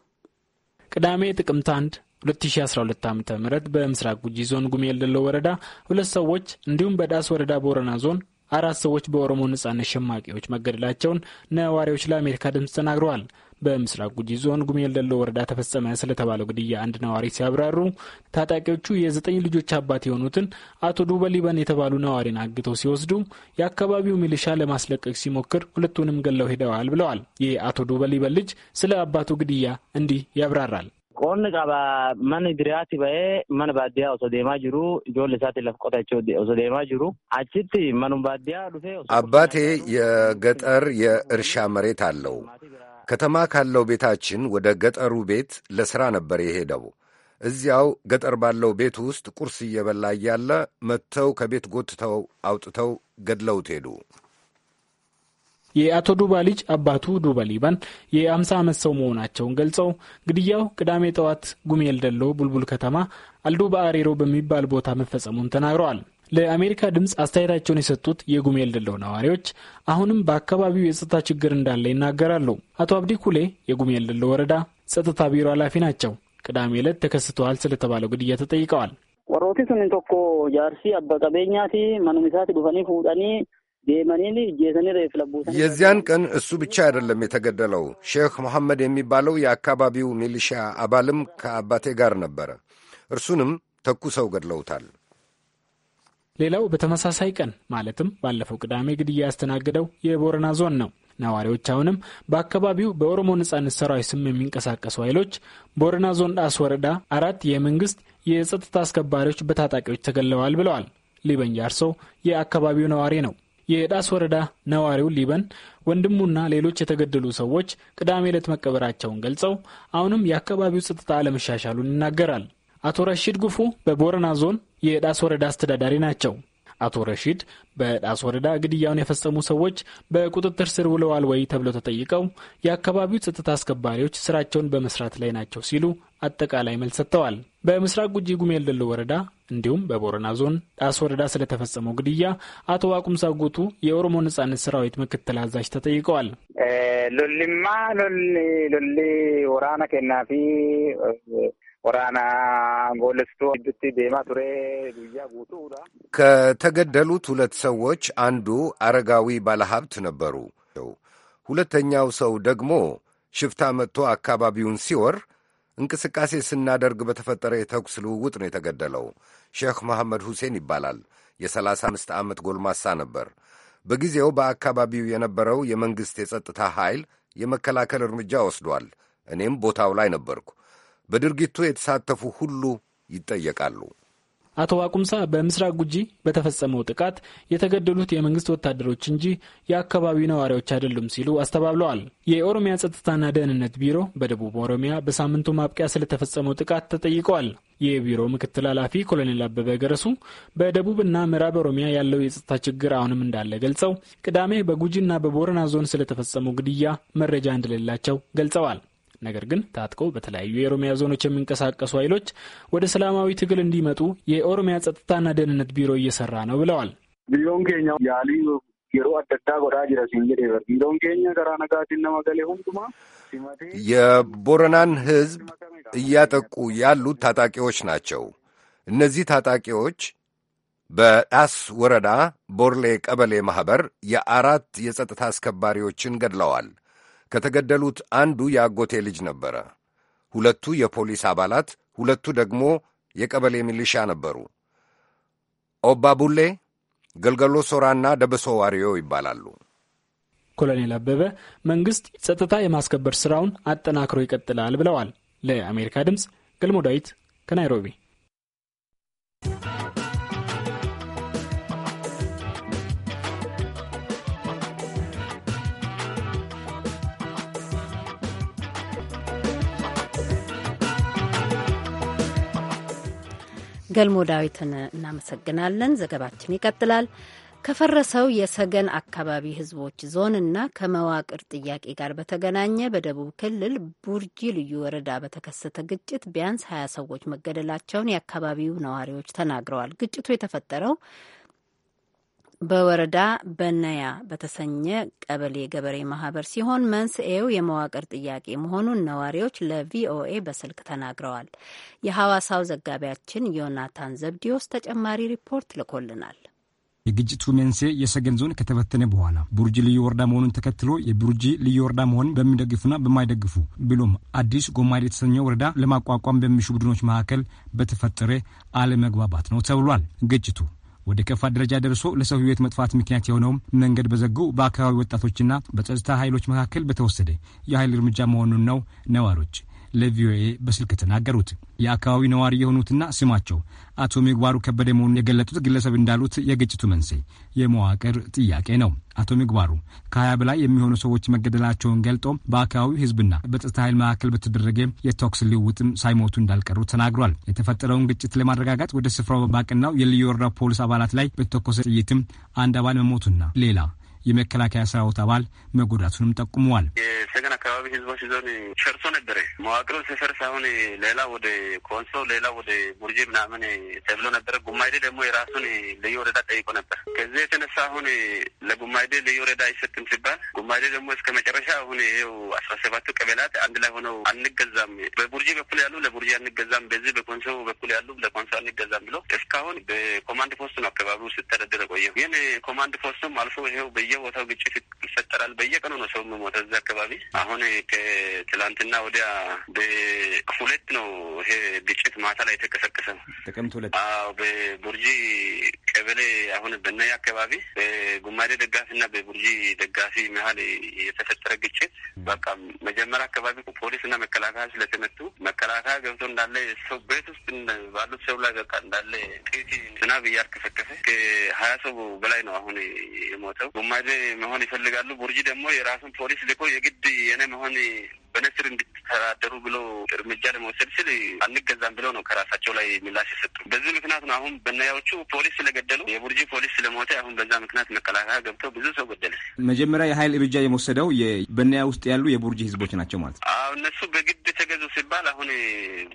ቅዳሜ ጥቅምት አንድ 2012 ዓ ም በምስራቅ ጉጂ ዞን ጉሜ የሌለው ወረዳ ሁለት ሰዎች እንዲሁም በዳስ ወረዳ ቦረና ዞን አራት ሰዎች በኦሮሞ ነጻነት ሸማቂዎች መገደላቸውን ነዋሪዎች ለአሜሪካ ድምፅ ተናግረዋል። በምስራቅ ጉጂ ዞን ጉሜ የሌለ ወረዳ ተፈጸመ ስለተባለው ግድያ አንድ ነዋሪ ሲያብራሩ ታጣቂዎቹ የዘጠኝ ልጆች አባት የሆኑትን አቶ ዱበ ሊበን የተባሉ ነዋሪን አግተው ሲወስዱ የአካባቢው ሚሊሻ ለማስለቀቅ ሲሞክር ሁለቱንም ገለው ሄደዋል ብለዋል። ይህ አቶ ዱበ ሊበን ልጅ ስለ አባቱ ግድያ እንዲህ ያብራራል። Qoonni qaba manni diriyaatti ba'ee mana baadiyyaa osoo deemaa jiru ijoollee isaatti lafa qotachuu osoo deemaa jiru achitti manuma baadiyyaa dhufe. Abbaatee የገጠር የእርሻ መሬት አለው። ከተማ ካለው ቤታችን ወደ ገጠሩ ቤት ለሥራ ነበር የሄደው። እዚያው ገጠር ባለው ቤት ውስጥ ቁርስ እየበላ እያለ መጥተው ከቤት ጎትተው አውጥተው ገድለውት ሄዱ። የአቶ ዱባ ልጅ አባቱ ዱባ ሊባን የ50 ዓመት ሰው መሆናቸውን ገልጸው ግድያው ቅዳሜ ጠዋት ጉሜል ደሎ ቡልቡል ከተማ አልዱባ አሬሮ በሚባል ቦታ መፈጸሙን ተናግረዋል። ለአሜሪካ ድምፅ አስተያየታቸውን የሰጡት የጉሜል ደሎ ነዋሪዎች አሁንም በአካባቢው የጸጥታ ችግር እንዳለ ይናገራሉ። አቶ አብዲ ኩሌ የጉሜል ደሎ ወረዳ ጸጥታ ቢሮ ኃላፊ ናቸው። ቅዳሜ ዕለት ተከስተዋል ስለተባለው ግድያ ተጠይቀዋል። ወሮቲ ስኒ ቶኮ ጃርሲ አበቀበኛቲ መኑም ዱፈኒ ፉጠኒ የዚያን ቀን እሱ ብቻ አይደለም የተገደለው። ሼክ መሐመድ የሚባለው የአካባቢው ሚሊሻ አባልም ከአባቴ ጋር ነበረ። እርሱንም ተኩሰው ገድለውታል። ሌላው በተመሳሳይ ቀን ማለትም ባለፈው ቅዳሜ ግድያ ያስተናገደው የቦረና ዞን ነው። ነዋሪዎች አሁንም በአካባቢው በኦሮሞ ነጻነት ሰራዊት ስም የሚንቀሳቀሱ ኃይሎች ቦረና ዞን ዳስ ወረዳ አራት የመንግስት የጸጥታ አስከባሪዎች በታጣቂዎች ተገለዋል ብለዋል። ሊበን የአካባቢው ነዋሪ ነው። የዳስ ወረዳ ነዋሪው ሊበን ወንድሙና ሌሎች የተገደሉ ሰዎች ቅዳሜ ዕለት መቀበራቸውን ገልጸው አሁንም የአካባቢው ጸጥታ አለመሻሻሉን ይናገራል። አቶ ረሺድ ጉፉ በቦረና ዞን የዳስ ወረዳ አስተዳዳሪ ናቸው። አቶ ረሺድ በዳስ ወረዳ ግድያውን የፈጸሙ ሰዎች በቁጥጥር ስር ውለዋል ወይ ተብለው ተጠይቀው የአካባቢው ጸጥታ አስከባሪዎች ስራቸውን በመስራት ላይ ናቸው ሲሉ አጠቃላይ መልስ ሰጥተዋል። በምስራቅ ጉጂ ጉሜ ደሎ ወረዳ እንዲሁም በቦረና ዞን ጣስ ወረዳ ስለተፈጸመው ግድያ አቶ ዋቁምሳ ጉቱ የኦሮሞ ነጻነት ሰራዊት ምክትል አዛዥ ተጠይቀዋል። ሎሊማ ሎሊ ወራና ኬናፊ ወራና ዴማ ቱሬ ጉያ ጉቱ ከተገደሉት ሁለት ሰዎች አንዱ አረጋዊ ባለሀብት ነበሩ። ሁለተኛው ሰው ደግሞ ሽፍታ መጥቶ አካባቢውን ሲወር እንቅስቃሴ ስናደርግ በተፈጠረ የተኩስ ልውውጥ ነው የተገደለው። ሼክ መሐመድ ሁሴን ይባላል። የ35 ዓመት ጎልማሳ ነበር። በጊዜው በአካባቢው የነበረው የመንግሥት የጸጥታ ኃይል የመከላከል እርምጃ ወስዷል። እኔም ቦታው ላይ ነበርኩ። በድርጊቱ የተሳተፉ ሁሉ ይጠየቃሉ። አቶ ዋቁምሳ በምስራቅ ጉጂ በተፈጸመው ጥቃት የተገደሉት የመንግስት ወታደሮች እንጂ የአካባቢው ነዋሪዎች አይደሉም ሲሉ አስተባብለዋል። የኦሮሚያ ጸጥታና ደህንነት ቢሮ በደቡብ ኦሮሚያ በሳምንቱ ማብቂያ ስለተፈጸመው ጥቃት ተጠይቀዋል። የቢሮ ምክትል ኃላፊ ኮሎኔል አበበ ገረሱ በደቡብና ምዕራብ ኦሮሚያ ያለው የጸጥታ ችግር አሁንም እንዳለ ገልጸው ቅዳሜ በጉጂና በቦረና ዞን ስለተፈጸመው ግድያ መረጃ እንደሌላቸው ገልጸዋል። ነገር ግን ታጥቀው በተለያዩ የኦሮሚያ ዞኖች የሚንቀሳቀሱ ኃይሎች ወደ ሰላማዊ ትግል እንዲመጡ የኦሮሚያ ጸጥታና ደህንነት ቢሮ እየሰራ ነው ብለዋል። ቢሮን ኬኛው ያሊ የሮ አደዳ ጎዳ ጅረሲን ቢሮን ኬኛ ገራ ነጋት ነመገሌ ሁንቱማ የቦረናን ህዝብ እያጠቁ ያሉት ታጣቂዎች ናቸው። እነዚህ ታጣቂዎች በዳስ ወረዳ ቦርሌ ቀበሌ ማኅበር የአራት የጸጥታ አስከባሪዎችን ገድለዋል። ከተገደሉት አንዱ የአጎቴ ልጅ ነበረ። ሁለቱ የፖሊስ አባላት፣ ሁለቱ ደግሞ የቀበሌ ሚሊሻ ነበሩ። ኦባቡሌ ገልገሎ ሶራና ደበሶ ዋሪዮ ይባላሉ። ኮሎኔል አበበ መንግስት ጸጥታ የማስከበር ስራውን አጠናክሮ ይቀጥላል ብለዋል። ለአሜሪካ ድምፅ ገልሞ ዳዊት ከናይሮቢ ገልሞ ዳዊትን እናመሰግናለን። ዘገባችን ይቀጥላል። ከፈረሰው የሰገን አካባቢ ህዝቦች ዞንና ከመዋቅር ጥያቄ ጋር በተገናኘ በደቡብ ክልል ቡርጂ ልዩ ወረዳ በተከሰተ ግጭት ቢያንስ ሀያ ሰዎች መገደላቸውን የአካባቢው ነዋሪዎች ተናግረዋል። ግጭቱ የተፈጠረው በወረዳ በነያ በተሰኘ ቀበሌ ገበሬ ማህበር ሲሆን መንስኤው የመዋቅር ጥያቄ መሆኑን ነዋሪዎች ለቪኦኤ በስልክ ተናግረዋል። የሐዋሳው ዘጋቢያችን ዮናታን ዘብዲዮስ ተጨማሪ ሪፖርት ልኮልናል። የግጭቱ መንስኤ የሰገን ዞን ከተበተነ በኋላ ቡርጂ ልዩ ወረዳ መሆኑን ተከትሎ የቡርጂ ልዩ ወረዳ መሆን በሚደግፉና በማይደግፉ ብሎም አዲስ ጎማዴ የተሰኘ ወረዳ ለማቋቋም በሚሹ ቡድኖች መካከል በተፈጠረ አለመግባባት ነው ተብሏል። ግጭቱ ወደ ከፋ ደረጃ ደርሶ ለሰው ህይወት መጥፋት ምክንያት የሆነውም መንገድ በዘጉ በአካባቢ ወጣቶችና በጸጥታ ኃይሎች መካከል በተወሰደ የኃይል እርምጃ መሆኑን ነው ነዋሪዎች ለቪኦኤ በስልክ ተናገሩት። የአካባቢ ነዋሪ የሆኑትና ስማቸው አቶ ምግባሩ ከበደ መሆኑን የገለጡት ግለሰብ እንዳሉት የግጭቱ መንስኤ የመዋቅር ጥያቄ ነው። አቶ ምግባሩ ከሀያ በላይ የሚሆኑ ሰዎች መገደላቸውን ገልጦ በአካባቢው ሕዝብና በጸጥታ ኃይል መካከል በተደረገ የተኩስ ልውውጥም ሳይሞቱ እንዳልቀሩ ተናግሯል። የተፈጠረውን ግጭት ለማረጋጋት ወደ ስፍራው ባቀናው የልዩ ወረዳ ፖሊስ አባላት ላይ በተኮሰ ጥይትም አንድ አባል መሞቱና ሌላ የመከላከያ ሰራዊት አባል መጎዳቱንም ጠቁመዋል። የሰገን አካባቢ ህዝቦች ዞን ሸርሶ ነበረ። መዋቅሩ ሲፈርስ አሁን ሌላ ወደ ኮንሶ፣ ሌላ ወደ ቡርጂ ምናምን ተብሎ ነበረ። ጉማይዴ ደግሞ የራሱን ልዩ ወረዳ ጠይቆ ነበር። ከዚህ የተነሳ አሁን ለጉማይዴ ልዩ ወረዳ አይሰጥም ሲባል ጉማይዴ ደግሞ እስከ መጨረሻ አሁን ይኸው አስራ ሰባቱ ቀበላት አንድ ላይ ሆነው አንገዛም፣ በቡርጂ በኩል ያሉ ለቡርጂ አንገዛም፣ በዚህ በኮንሶ በኩል ያሉ ለኮንሶ አንገ ስተዳደር ቆየ። ግን ኮማንድ ፖስቱም አልፎ ይሄው በየቦታው ግጭት ይፈጠራል። በየቀኑ ነው ሰው ሞተ እዛ አካባቢ። አሁን ከትላንትና ወዲያ በሁለት ነው ይሄ ግጭት ማታ ላይ የተቀሰቀሰ ጥቅምት ሁለት አዎ፣ በቡርጂ ቀበሌ አሁን በናይ አካባቢ በጉማዴ ደጋፊ እና በቡርጂ ደጋፊ መሀል የተፈጠረ ግጭት በቃ መጀመሪያ አካባቢ ፖሊስ እና መከላከያ ስለተመቱ መከላከያ ገብቶ እንዳለ ሰው ቤት ውስጥ ባሉት ሰው ላይ በቃ እንዳለ ጥይት ዝናብ እያርከፈከፈ ሀያ ሰው በላይ ነው አሁን የሞተው። ጉማዜ መሆን ይፈልጋሉ። ቡርጂ ደግሞ የራሱን ፖሊስ ልኮ የግድ የኔ መሆን በነስር እንድትተዳደሩ ብሎ እርምጃ ለመውሰድ ስል አንገዛም ብለው ነው ከራሳቸው ላይ ምላሽ የሰጡ። በዚህ ምክንያት ነው አሁን በናያዎቹ ፖሊስ ስለገደሉ የቡርጂ ፖሊስ ስለሞተ አሁን በዛ ምክንያት መከላከያ ገብተው ብዙ ሰው ገደለ። መጀመሪያ የሀይል እርምጃ የመወሰደው በናያ ውስጥ ያሉ የቡርጂ ህዝቦች ናቸው ማለት ነው። እነሱ በግድ ተገዙ ሲባል አሁን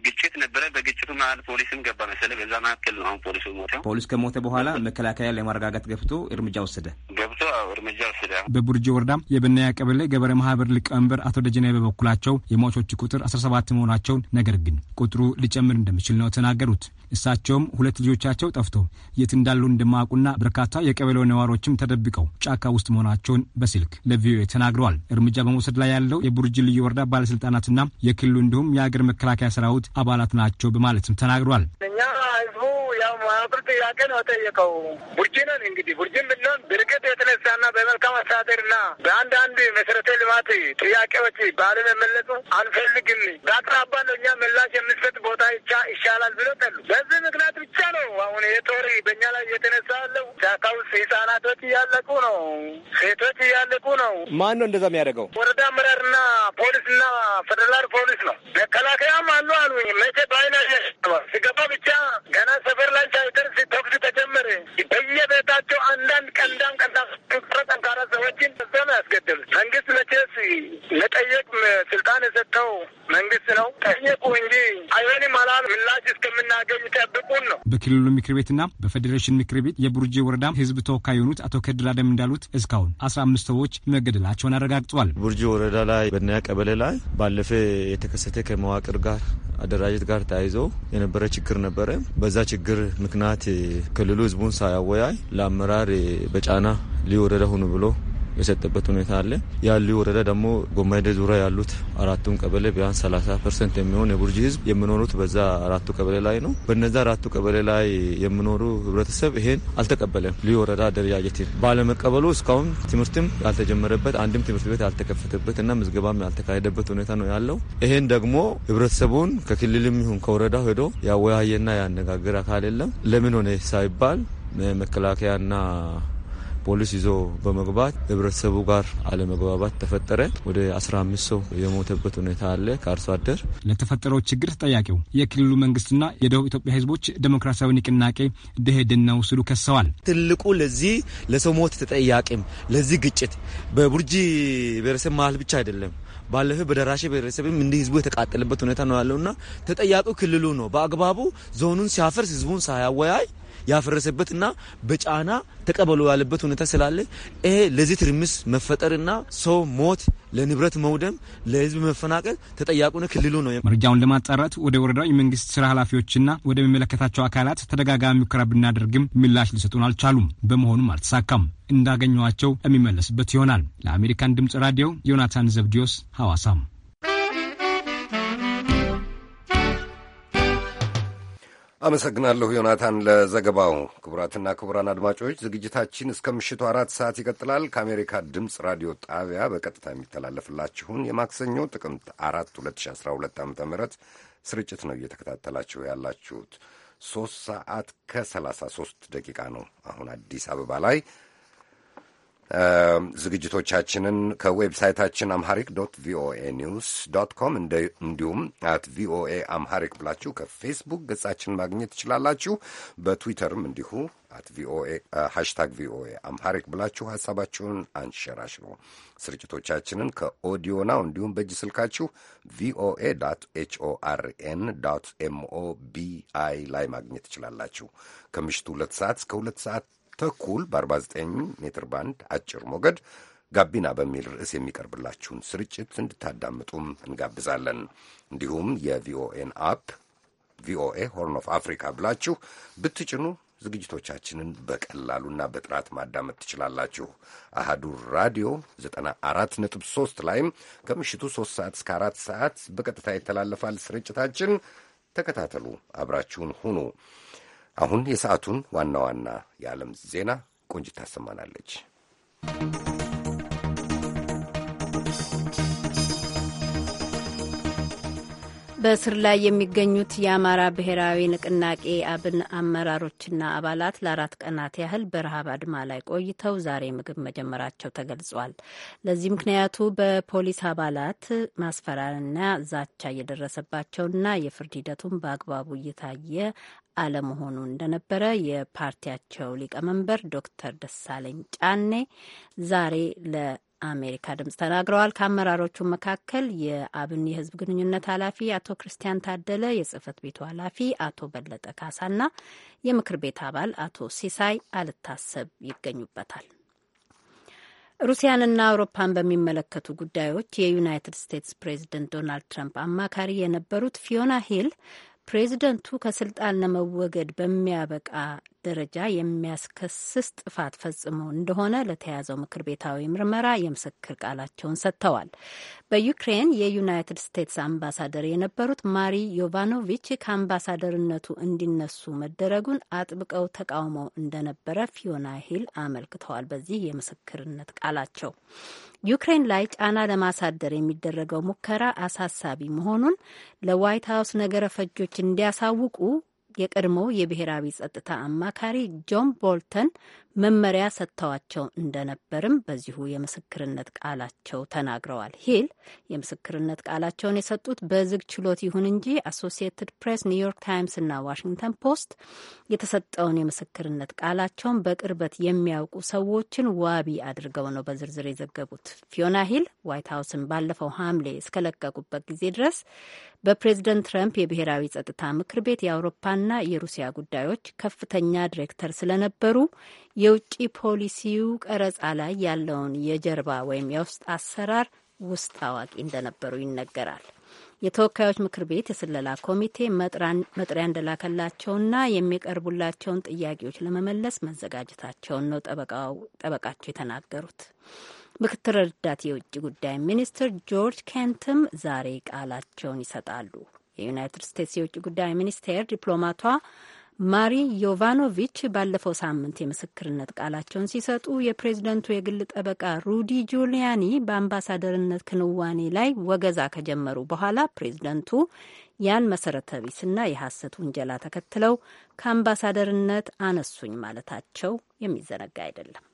ግጭት ነበረ። በግጭቱ መሀል ፖሊስም ገባ መሰለ። በዛ መካከል ነው አሁን ፖሊሱ ሞተው። ፖሊስ ከሞተ በኋላ መከላከያ ለማረጋጋት ገብቶ እርምጃ ወሰደ ገብቶ እርምጃ ወሰደ። በቡርጂ ወረዳ የበናያ ቀበሌ ገበሬ ማህበር ሊቀመንበር አቶ ደጀናይ በበኩላ በመሆናቸው የሟቾች ቁጥር 17 መሆናቸውን ነገር ግን ቁጥሩ ሊጨምር እንደሚችል ነው ተናገሩት። እሳቸውም ሁለት ልጆቻቸው ጠፍተው የት እንዳሉ እንደማያውቁና በርካታ የቀበሌው ነዋሪዎችም ተደብቀው ጫካ ውስጥ መሆናቸውን በስልክ ለቪኦኤ ተናግረዋል። እርምጃ በመውሰድ ላይ ያለው የቡርጅ ልዩ ወረዳ ባለስልጣናትና የክልሉ እንዲሁም የአገር መከላከያ ሰራዊት አባላት ናቸው በማለትም ተናግሯል። እኛ ህዝቡ የሃይማኖት ጥያቄ ነው የጠየቀው። ነን እንግዲህ ቡርጅን ብንሆን በርቀት የተነሳና በመልካም አስተዳደርና በአንዳንድ መሰረተ ልማት ጥያቄዎች ባለመመለሱ አንፈልግም፣ በአቅራባ ነው እኛ ምላሽ የምንሰጥ ቦታ ይቻ ይሻላል ብሎ ጠሉ። በዚህ ምክንያት አሁን የጦር በእኛ ላይ እየተነሳ ያለው ጫካ ውስጥ ህጻናቶች እያለቁ ነው፣ ሴቶች እያለቁ ነው። ማን ነው እንደዛ የሚያደርገው? ወረዳ አመራርና ፖሊስና ፌደራል ፖሊስ ነው። መከላከያም አሉ አሉ መቼ በአይና ሲገባ ብቻ ገና ሰፈር ላይ ሳይደርስ ተኩስ ተጀመረ። በየቤታቸው አንዳንድ ቀንዳም ቀንዳ ጠንካራ ሰዎችን ነው ያስገደሉት መንግስት መቼስ መጠየቅ ስልጣን የሰጠው መንግስት ነው። ጠየቁ እንጂ አይሆንም አላሉ። ምላሽ እስከምናገኝ ጠብቁን ነው በክልሉ ምክር ቤትና በፌዴሬሽን ምክር ቤት የቡርጂ ወረዳ ህዝብ ተወካይ የሆኑት አቶ ከድር አደም እንዳሉት እስካሁን አስራ አምስት ሰዎች መገደላቸውን አረጋግጧል። ቡርጂ ወረዳ ላይ በናያ ቀበሌ ላይ ባለፈ የተከሰተ ከመዋቅር ጋር አደራጀት ጋር ተያይዞ የነበረ ችግር ነበረ። በዛ ችግር ምክንያት ክልሉ ህዝቡን ሳያወያይ ለአመራር በጫና ሊወረዳ ወረዳ ሁኑ ብሎ የሰጠበት ሁኔታ አለ። ያሉ ወረዳ ደግሞ ጎማይደ ዙሪያ ያሉት አራቱም ቀበሌ ቢያንስ 30 ፐርሰንት የሚሆን የቡርጂ ህዝብ የሚኖሩት በዛ አራቱ ቀበሌ ላይ ነው። በነዛ አራቱ ቀበሌ ላይ የሚኖሩ ህብረተሰብ ይሄን አልተቀበለም። ልዩ ወረዳ አደረጃጀትን ባለመቀበሉ እስካሁን ትምህርትም ያልተጀመረበት አንድም ትምህርት ቤት ያልተከፈተበት እና ምዝገባም ያልተካሄደበት ሁኔታ ነው ያለው። ይሄን ደግሞ ህብረተሰቡን ከክልልም ይሁን ከወረዳው ሄዶ ያወያየና ያነጋገር አካል የለም። ለምን ሆነ ሳይባል መከላከያና ፖሊስ ይዞ በመግባት ህብረተሰቡ ጋር አለመግባባት ተፈጠረ። ወደ 15 ሰው የሞተበት ሁኔታ አለ። ከአርሶ አደር ለተፈጠረው ችግር ተጠያቂው የክልሉ መንግስትና የደቡብ ኢትዮጵያ ህዝቦች ዴሞክራሲያዊ ንቅናቄ ደኢህዴን ነው ሲሉ ከሰዋል። ትልቁ ለዚህ ለሰው ሞት ተጠያቂም ለዚህ ግጭት በቡርጂ ብሔረሰብ መሀል ብቻ አይደለም ባለፈ በደራሼ ብሔረሰብም እንዲህ ህዝቡ የተቃጠለበት ሁኔታ ነው ያለውና ተጠያቂው ክልሉ ነው። በአግባቡ ዞኑን ሲያፈርስ ህዝቡን ሳያወያይ ያፈረሰበትና በጫና ተቀበሎ ያለበት ሁኔታ ስላለ ይሄ ለዚህ ትርምስ መፈጠርና ሰው ሞት፣ ለንብረት መውደም፣ ለህዝብ መፈናቀል ተጠያቂውን ክልሉ ነው። መረጃውን ለማጣራት ወደ ወረዳው የመንግስት ስራ ኃላፊዎችና ወደሚመለከታቸው አካላት ተደጋጋሚ ሙከራ ብናደርግም ምላሽ ሊሰጡን አልቻሉም። በመሆኑም አልተሳካም። እንዳገኘኋቸው የሚመለስበት ይሆናል። ለአሜሪካን ድምፅ ራዲዮ ዮናታን ዘብዲዮስ ሐዋሳም አመሰግናለሁ ዮናታን ለዘገባው። ክቡራትና ክቡራን አድማጮች ዝግጅታችን እስከ ምሽቱ አራት ሰዓት ይቀጥላል። ከአሜሪካ ድምፅ ራዲዮ ጣቢያ በቀጥታ የሚተላለፍላችሁን የማክሰኞ ጥቅምት አራት 2012 ዓ ም ስርጭት ነው እየተከታተላችሁ ያላችሁት። ሶስት ሰዓት ከ33 ደቂቃ ነው አሁን አዲስ አበባ ላይ Um, ዝግጅቶቻችንን ከዌብሳይታችን አምሃሪክ ዶት ቪኦኤ ኒውስ ዶት ኮም እንዲሁም አት ቪኦኤ አምሃሪክ ብላችሁ ከፌስቡክ ገጻችን ማግኘት ትችላላችሁ። በትዊተርም እንዲሁ አት ቪኦኤ ሃሽታግ ቪኦኤ አምሃሪክ ብላችሁ ሀሳባችሁን አንሸራሽሩ። ስርጭቶቻችንን ከኦዲዮ ናው እንዲሁም በእጅ ስልካችሁ ቪኦኤ ኤችኦአርኤን ቢአይ ላይ ማግኘት ትችላላችሁ። ከምሽቱ ሁለት ሰዓት እስከ ሁለት ሰዓት ተኩል በ49 ሜትር ባንድ አጭር ሞገድ ጋቢና በሚል ርዕስ የሚቀርብላችሁን ስርጭት እንድታዳምጡም እንጋብዛለን። እንዲሁም የቪኦኤን አፕ ቪኦኤ ሆርን ኦፍ አፍሪካ ብላችሁ ብትጭኑ ዝግጅቶቻችንን በቀላሉና በጥራት ማዳመጥ ትችላላችሁ። አሃዱ ራዲዮ 94.3 ላይም ከምሽቱ 3 ሰዓት እስከ 4 ሰዓት በቀጥታ ይተላለፋል ስርጭታችን። ተከታተሉ፣ አብራችሁን ሁኑ። አሁን የሰዓቱን ዋና ዋና የዓለም ዜና ቆንጅት ታሰማናለች። በእስር ላይ የሚገኙት የአማራ ብሔራዊ ንቅናቄ አብን አመራሮችና አባላት ለአራት ቀናት ያህል በረሃብ አድማ ላይ ቆይተው ዛሬ ምግብ መጀመራቸው ተገልጿል። ለዚህ ምክንያቱ በፖሊስ አባላት ማስፈራሪያና ዛቻ እየደረሰባቸውና የፍርድ ሂደቱን በአግባቡ እየታየ አለመሆኑ እንደነበረ የፓርቲያቸው ሊቀመንበር ዶክተር ደሳለኝ ጫኔ ዛሬ ለአሜሪካ ድምጽ ተናግረዋል። ከአመራሮቹ መካከል የአብን የህዝብ ግንኙነት ኃላፊ አቶ ክርስቲያን ታደለ፣ የጽህፈት ቤቱ ኃላፊ አቶ በለጠ ካሳና የምክር ቤት አባል አቶ ሲሳይ አልታሰብ ይገኙበታል። ሩሲያንና አውሮፓን በሚመለከቱ ጉዳዮች የዩናይትድ ስቴትስ ፕሬዚደንት ዶናልድ ትራምፕ አማካሪ የነበሩት ፊዮና ሂል ፕሬዚደንቱ ከስልጣን ለመወገድ በሚያበቃ ደረጃ የሚያስከስስ ጥፋት ፈጽሞ እንደሆነ ለተያዘው ምክር ቤታዊ ምርመራ የምስክር ቃላቸውን ሰጥተዋል። በዩክሬን የዩናይትድ ስቴትስ አምባሳደር የነበሩት ማሪ ዮቫኖቪች ከአምባሳደርነቱ እንዲነሱ መደረጉን አጥብቀው ተቃውመው እንደነበረ ፊዮና ሂል አመልክተዋል። በዚህ የምስክርነት ቃላቸው ዩክሬን ላይ ጫና ለማሳደር የሚደረገው ሙከራ አሳሳቢ መሆኑን ለዋይት ሀውስ ነገረ ፈጆች እንዲያሳውቁ የቀድሞው የብሔራዊ ጸጥታ አማካሪ ጆን ቦልተን መመሪያ ሰጥተዋቸው እንደነበርም በዚሁ የምስክርነት ቃላቸው ተናግረዋል። ሂል የምስክርነት ቃላቸውን የሰጡት በዝግ ችሎት ይሁን እንጂ አሶሲየትድ ፕሬስ፣ ኒውዮርክ ታይምስ እና ዋሽንግተን ፖስት የተሰጠውን የምስክርነት ቃላቸውን በቅርበት የሚያውቁ ሰዎችን ዋቢ አድርገው ነው በዝርዝር የዘገቡት። ፊዮና ሂል ዋይት ሀውስን ባለፈው ሐምሌ እስከለቀቁበት ጊዜ ድረስ በፕሬዝደንት ትረምፕ የብሔራዊ ጸጥታ ምክር ቤት የአውሮፓና የሩሲያ ጉዳዮች ከፍተኛ ዲሬክተር ስለነበሩ የውጭ ፖሊሲው ቀረጻ ላይ ያለውን የጀርባ ወይም የውስጥ አሰራር ውስጥ አዋቂ እንደነበሩ ይነገራል። የተወካዮች ምክር ቤት የስለላ ኮሚቴ መጥሪያ እንደላከላቸውና የሚቀርቡላቸውን ጥያቄዎች ለመመለስ መዘጋጀታቸውን ነው ጠበቃቸው የተናገሩት። ምክትል ረዳት የውጭ ጉዳይ ሚኒስትር ጆርጅ ኬንትም ዛሬ ቃላቸውን ይሰጣሉ። የዩናይትድ ስቴትስ የውጭ ጉዳይ ሚኒስቴር ዲፕሎማቷ ማሪ ዮቫኖቪች ባለፈው ሳምንት የምስክርነት ቃላቸውን ሲሰጡ የፕሬዝደንቱ የግል ጠበቃ ሩዲ ጁሊያኒ በአምባሳደርነት ክንዋኔ ላይ ወገዛ ከጀመሩ በኋላ ፕሬዝደንቱ ያን መሰረተ ቢስና የሐሰት ውንጀላ ተከትለው ከአምባሳደርነት አነሱኝ ማለታቸው የሚዘነጋ አይደለም።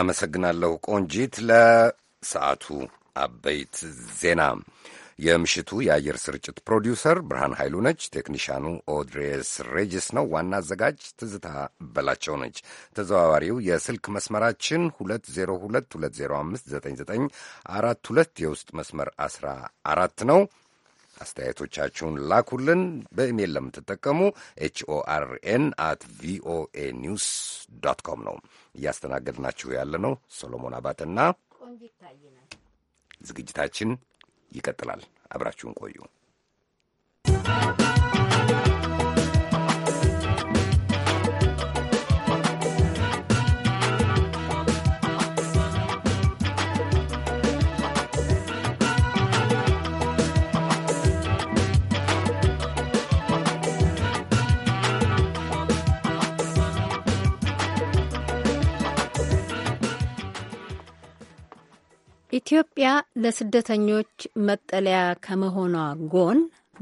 አመሰግናለሁ ቆንጂት ለሰዓቱ አበይት ዜና። የምሽቱ የአየር ስርጭት ፕሮዲውሰር ብርሃን ኃይሉ ነች። ቴክኒሻኑ ኦድሬስ ሬጅስ ነው። ዋና አዘጋጅ ትዝታ በላቸው ነች። ተዘዋዋሪው የስልክ መስመራችን 2022059942 የውስጥ መስመር 14 ነው። አስተያየቶቻችሁን ላኩልን። በኢሜይል ለምትጠቀሙ ኤችኦአርኤን አት ቪኦኤ ኒውስ ዶት ኮም ነው። እያስተናገድናችሁ ያለ ነው ሶሎሞን አባትና ቆንጂት ዝግጅታችን ይቀጥላል። አብራችሁን ቆዩ። ኢትዮጵያ ለስደተኞች መጠለያ ከመሆኗ ጎን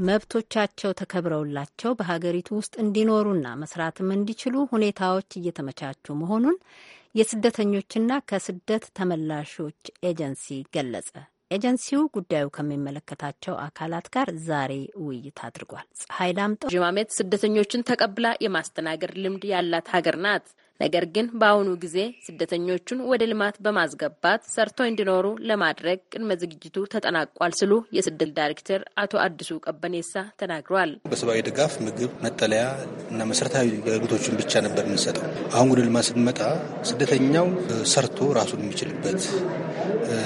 መብቶቻቸው ተከብረውላቸው በሀገሪቱ ውስጥ እንዲኖሩና መስራትም እንዲችሉ ሁኔታዎች እየተመቻቹ መሆኑን የስደተኞችና ከስደት ተመላሾች ኤጀንሲ ገለጸ። ኤጀንሲው ጉዳዩ ከሚመለከታቸው አካላት ጋር ዛሬ ውይይት አድርጓል። ፀሐይ ዳምጠው ዥማሜት ስደተኞችን ተቀብላ የማስተናገድ ልምድ ያላት ሀገር ናት። ነገር ግን በአሁኑ ጊዜ ስደተኞቹን ወደ ልማት በማስገባት ሰርቶ እንዲኖሩ ለማድረግ ቅድመ ዝግጅቱ ተጠናቋል ሲሉ የስደት ዳይሬክተር አቶ አዲሱ ቀበኔሳ ተናግረዋል። በሰብአዊ ድጋፍ ምግብ፣ መጠለያ እና መሰረታዊ አገልግሎቶችን ብቻ ነበር የምንሰጠው። አሁን ወደ ልማት ስንመጣ ስደተኛው ሰርቶ ራሱን የሚችልበት